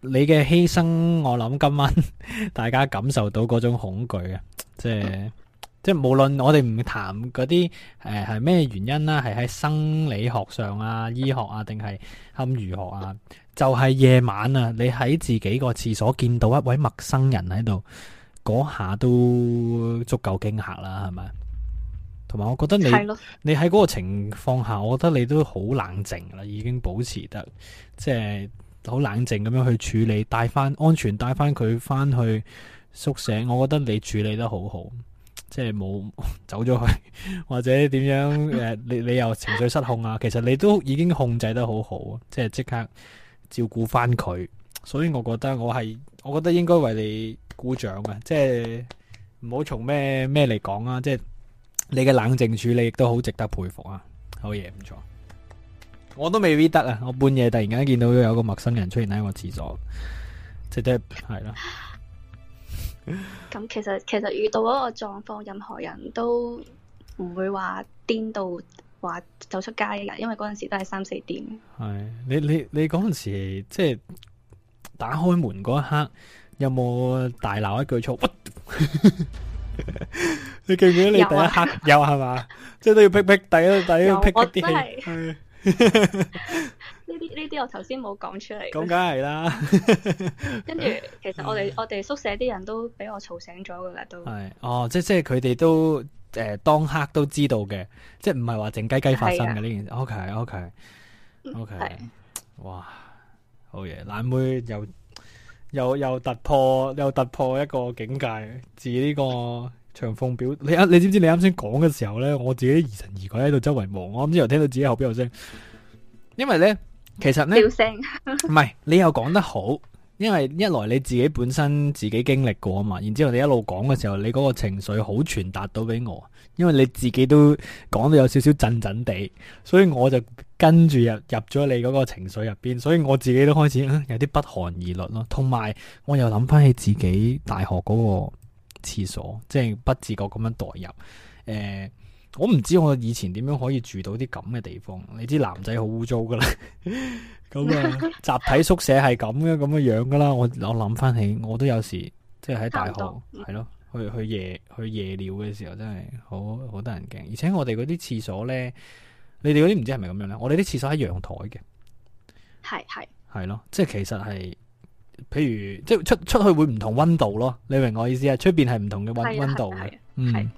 你嘅犧牲。我諗今晚 (laughs) 大家感受到嗰種恐懼嘅，即係即係無論我哋唔談嗰啲誒係咩原因啦，係喺生理學上啊、醫學啊，定係心理學啊，就係、是、夜晚啊，你喺自己個廁所見到一位陌生人喺度。嗰下都足夠驚嚇啦，係咪？同埋，我覺得你的你喺嗰個情況下，我覺得你都好冷靜啦，已經保持得即係好冷靜咁樣去處理，帶翻安全，帶翻佢翻去宿舍。我覺得你處理得好好，即係冇走咗去或者點樣誒、 (laughs) uh,，你你又情緒失控啊？其實你都已經控制得好好，即係即刻照顧翻佢。所以我覺得我係，我覺得應該為你。鼓掌嘅，即係唔好從咩咩嚟講啊！即係你嘅冷靜處理亦都好值得佩服啊！好嘢，唔錯，我都未必得啊！我半夜突然間見到有個陌生人出現喺我廁所，即係係啦。咁其實其實遇到嗰個狀況，任何人都唔會話癲到話走出街噶，因為嗰陣時都係三四點。係你你你嗰陣時即係打開門嗰一刻。有冇大鬧一句粗？你記唔記得你第一刻有係嘛？即係都要辟辟，第一第一要辟辟啲。呢啲呢啲我頭先冇講出嚟。咁梗係啦。跟住，其實我哋我哋宿舍啲人都俾我嘈醒咗噶啦，都。係哦，即係即係佢哋都誒，當刻都知道嘅，即係唔係話靜雞雞發生嘅呢件事。OK，OK，OK。哇，好嘢，爛妹又。又又突破，又突破一個境界，至呢個長鳳表。你啊，你知唔知你啱先講嘅時候咧，我自己疑神疑鬼喺度周圍望，我啱先又聽到自己後邊有聲。因為咧，其實咧，唔係叫聲 你又講得好。 (laughs) 因為一來你自己本身自己經歷過啊嘛，然之後你一路講嘅時候，你嗰個情緒好傳達到俾我，因為你自己都講到有少少震震哋，所以我就跟住入入咗你嗰個情緒入邊，所以我自己都開始有啲不寒而栗咯，同埋我又諗翻起自己大學嗰個廁所，即係不自覺咁樣代入，誒、呃。我唔知我以前點樣可以住到啲咁嘅地方，你知男仔好污糟噶啦，咁 (laughs) 啊集體宿舍係咁嘅咁嘅樣噶啦。我我諗翻起，我都有時即係喺大學係咯多，去去夜去夜尿嘅時候，真係好好得人驚。而且我哋嗰啲廁所呢，你哋嗰啲唔知係咪咁樣呢？我哋啲廁所喺陽台嘅，係係係咯，即係其實係，譬如即係出去出去會唔同溫度咯，你明我意思啊？出邊係唔同嘅溫溫度嘅，是是是是是，嗯。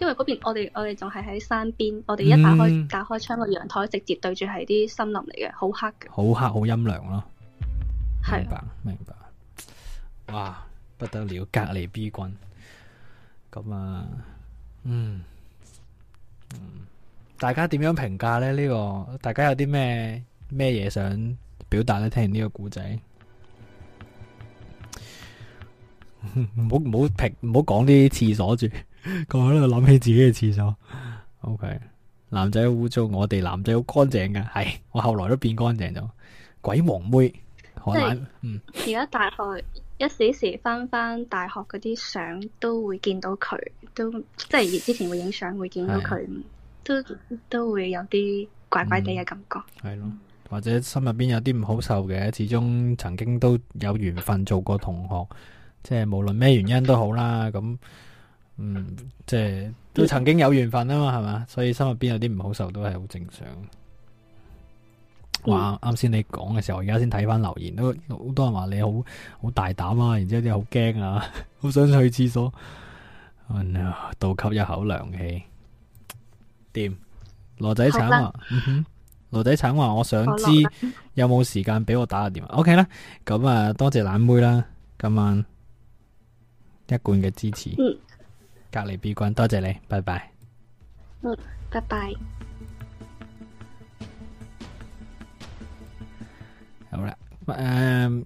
因為嗰邊我哋我哋仲係喺山邊，我哋一打開打開窗，個陽台直接對住係啲森林嚟嘅，好黑嘅，好黑好陰涼咯。明白的明白，哇不得了隔離 B 君咁啊，嗯嗯，大家點樣評價呢？呢、這個大家有啲咩咩嘢想表達呢？聽完呢個故仔，唔好唔好評唔好講啲廁所住。佢喺度諗起自己嘅廁所。OK，男仔污糟，我哋男仔好乾淨噶。係 (laughs) 我後來都變乾淨咗。鬼王妹，可能。即係嗯。而家大學一時時翻翻大學嗰啲相，都會見到佢，都即係之前會影相會見到佢， (laughs) 都都會有啲怪怪地嘅感覺。係咯、嗯，嗯、或者心入邊有啲唔好受嘅，始終曾經都有緣分做過同學，即係無論咩原因都好啦。咁。嗯，即係都曾經有緣分啊嘛，係嘛，所以心入邊有啲唔好受都係好正常。哇，啱先、嗯、你講嘅時候，而家先睇翻留言都好多人話你好好大膽啊，然之後啲好驚啊，好 (laughs) 想去廁所倒吸、oh no，一口涼氣。掂羅仔橙啊，羅了、嗯、仔橙話、啊、我想知有冇時間俾我打個電話。OK 啦，咁、嗯、啊多謝懶妹啦，今晚一貫嘅支持。嗯隔離 B 君，多謝你，拜拜。拜拜。好啦，誒、呃，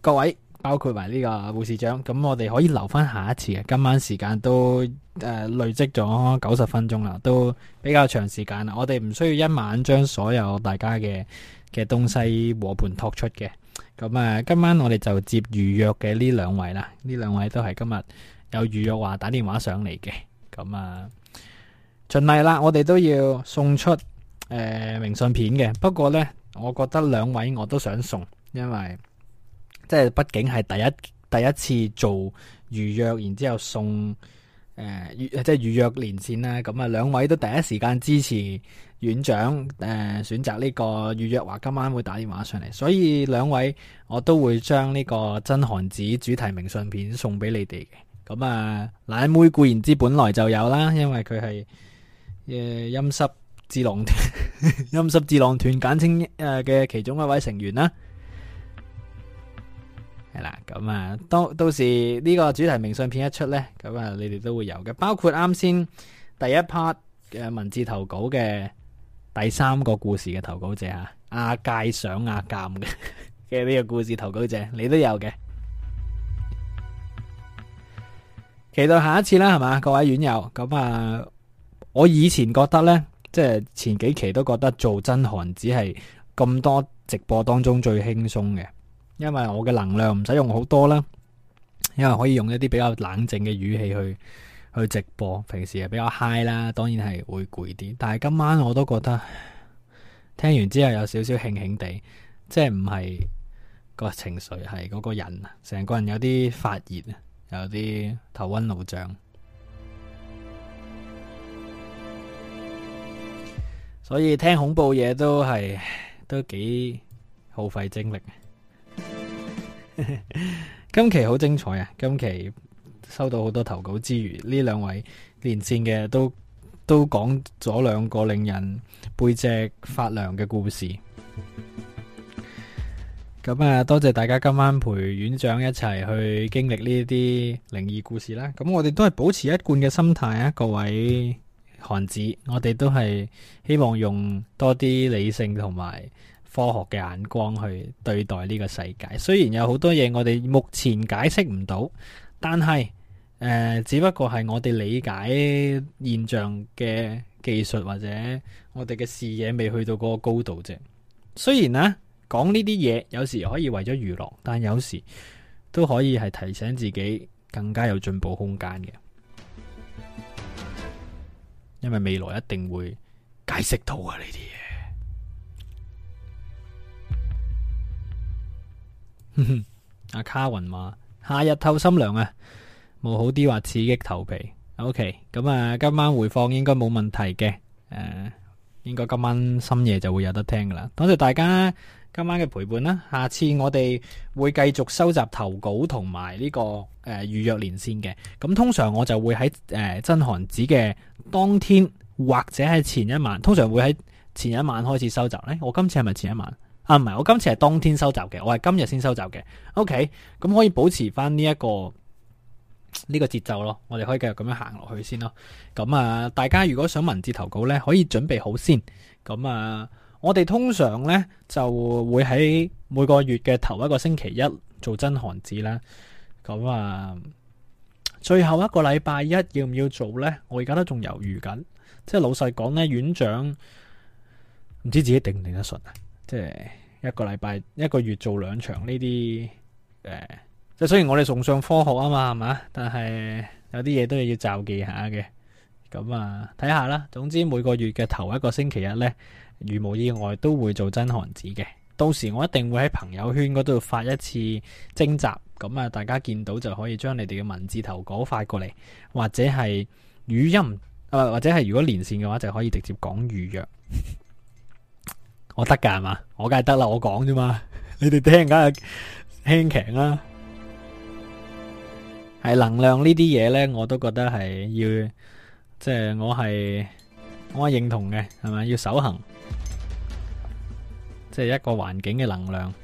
各位包括埋呢個護士長，咁我哋可以留翻下一次嘅。今晚時間都誒、呃、累積咗九十分鐘啦，都比較長時間啦。我哋唔需要一晚將所有大家嘅嘅東西和盤托出嘅。咁啊，今晚我哋就接預約嘅呢兩位啦，呢兩位都係今日。有預約，話打電話上嚟嘅咁啊，盡力啦。我哋都要送出誒、呃、明信片嘅。不過呢，我覺得兩位我都想送，因為即係畢竟係第一第一次做預約，然之後送誒預、呃、即係預約連線啦。咁啊，兩位都第一時間支持院長誒、呃、選擇呢個預約，話今晚會打電話上嚟，所以兩位我都會將呢、這個真寒子主題明信片送俾你哋嘅。咁啊，奶妹固然之本來就有啦，因為佢係誒陰濕智囊團，陰濕智囊團簡稱誒嘅其中一位成員啦。係啦，咁啊，當到，到時呢個主題明信片一出呢，咁啊，你哋都會有嘅，包括啱先第一 part 嘅文字投稿嘅第三個故事嘅投稿者啊，阿界上阿鑒嘅嘅呢個故事投稿者，你都有嘅。期待下一次啦，係嘛？各位院友。咁啊，我以前覺得呢，即係前幾期都覺得做真寒只係咁多直播當中最輕鬆嘅，因為我嘅能量唔使用好多啦，因為可以用一啲比較冷靜嘅語氣去去直播。平時係比較嗨啦，當然係會攰啲，但係今晚我都覺得聽完之後有少少震震哋，即係唔係個情緒，係嗰個人啊，成個人有啲發熱啊。有啲頭昏腦脹，所以聽恐怖嘢都係都幾耗費精力。 (laughs) 今期好精彩啊！今期收到好多投稿之餘，呢兩位連線嘅都都講咗兩個令人背脊發涼嘅故事。咁啊，多謝大家今晚陪院長一齊去經歷呢啲靈異故事啦。咁我哋都係保持一貫嘅心態啊，各位寒子，我哋都係希望用多啲理性同埋科學嘅眼光去對待呢個世界。雖然有好多嘢我哋目前解釋唔到，但係誒、呃，只不過係我哋理解現象嘅技術或者我哋嘅視野未去到嗰個高度啫。雖然咧、啊。講呢啲嘢，有時可以為咗娛樂，但有時都可以係提醒自己更加有進步空間嘅。因為未來一定會解釋到 (laughs) 啊呢啲嘢。阿卡云話：夏日透心涼啊，冇好啲話刺激頭皮。OK，咁啊，今晚回放應該冇問題嘅。誒、嗯，應該今晚深夜就會有得聽噶啦。多謝大家。今晚嘅陪伴啦，下次我哋會繼續收集投稿同埋呢個誒預約連線嘅。咁、嗯、通常我就會喺誒、呃、真寒子嘅當天或者係前一晚，通常會喺前一晚開始收集呢，我今次係咪前一晚？啊，唔係，我今次係當天收集嘅，我係今日先收集嘅。OK，咁、嗯嗯、可以保持翻呢一個呢、呢個節奏咯。我哋可以繼續咁樣行落去先咯。咁、嗯、啊，大家如果想文字投稿呢，可以準備好先。咁、嗯、啊。嗯嗯嗯我哋通常呢，就會喺每個月嘅頭一個星期一做真寒子啦，咁啊最後一個禮拜一要唔要做呢？我而家都仲猶豫緊，即係老實講呢，院長唔知自己定唔定得順啊！即係一個禮拜一個月做兩場呢啲誒，即係雖然我哋崇尚科學啊嘛，係嘛？但係有啲嘢都要要照忌下嘅，咁啊睇下啦。總之每個月嘅頭一個星期一呢，如無意外都會做真寒子嘅。到時我一定會喺朋友圈嗰度發一次徵集，咁啊，大家見到就可以將你哋嘅文字投稿發過嚟，或者係語音，呃、或者係如果連線嘅話就可以直接講預約。我得噶係嘛？我梗係得啦，我講啫嘛。你哋聽梗係輕強啦。係能量呢啲嘢呢，我都覺得係要即係、就是、我係我認同嘅，係咪要守恆？即係一個環境嘅能量，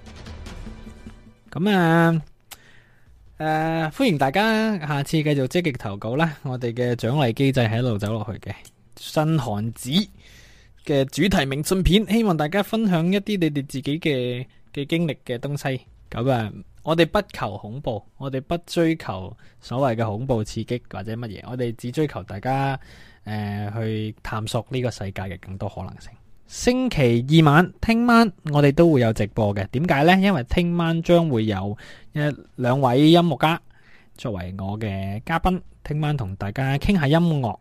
咁啊，誒、啊，歡迎大家下次繼續積極投稿啦！我哋嘅獎勵機制喺度走落去嘅，真寒子嘅主題明信片，希望大家分享一啲你哋自己嘅嘅經歷嘅東西。咁啊，我哋不求恐怖，我哋不追求所謂嘅恐怖刺激或者乜嘢，我哋只追求大家誒、呃、去探索呢個世界嘅更多可能性。星期二晚，聽晚我哋都會有直播嘅。點解呢？因為聽晚將會有一兩位音樂家作為我嘅嘉賓。聽晚同大家傾下音樂，係、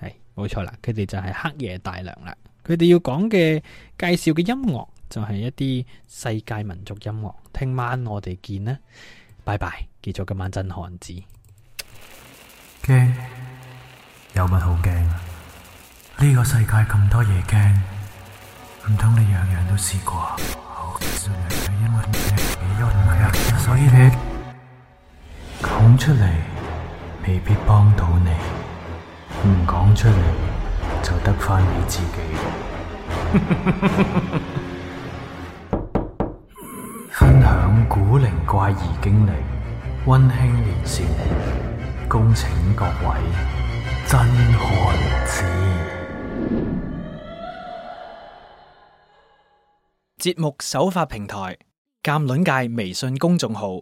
哎、冇錯啦。佢哋就係黑夜大娘啦。佢哋要講嘅介紹嘅音樂就係一啲世界民族音樂。聽晚我哋見啦。拜拜，結束今晚真寒子。驚有乜好驚啊？呢、這個世界咁多嘢驚。唔通你樣樣都試過？好嘅，其實樣樣因為唔係嘅原因， (laughs) 所以你講出嚟未必幫到你，唔講出嚟就得翻你自己。 (laughs) 分享古靈怪異經歷，溫馨連線，恭請各位真漢子。節目首發平台：鑑撚界微信公眾號。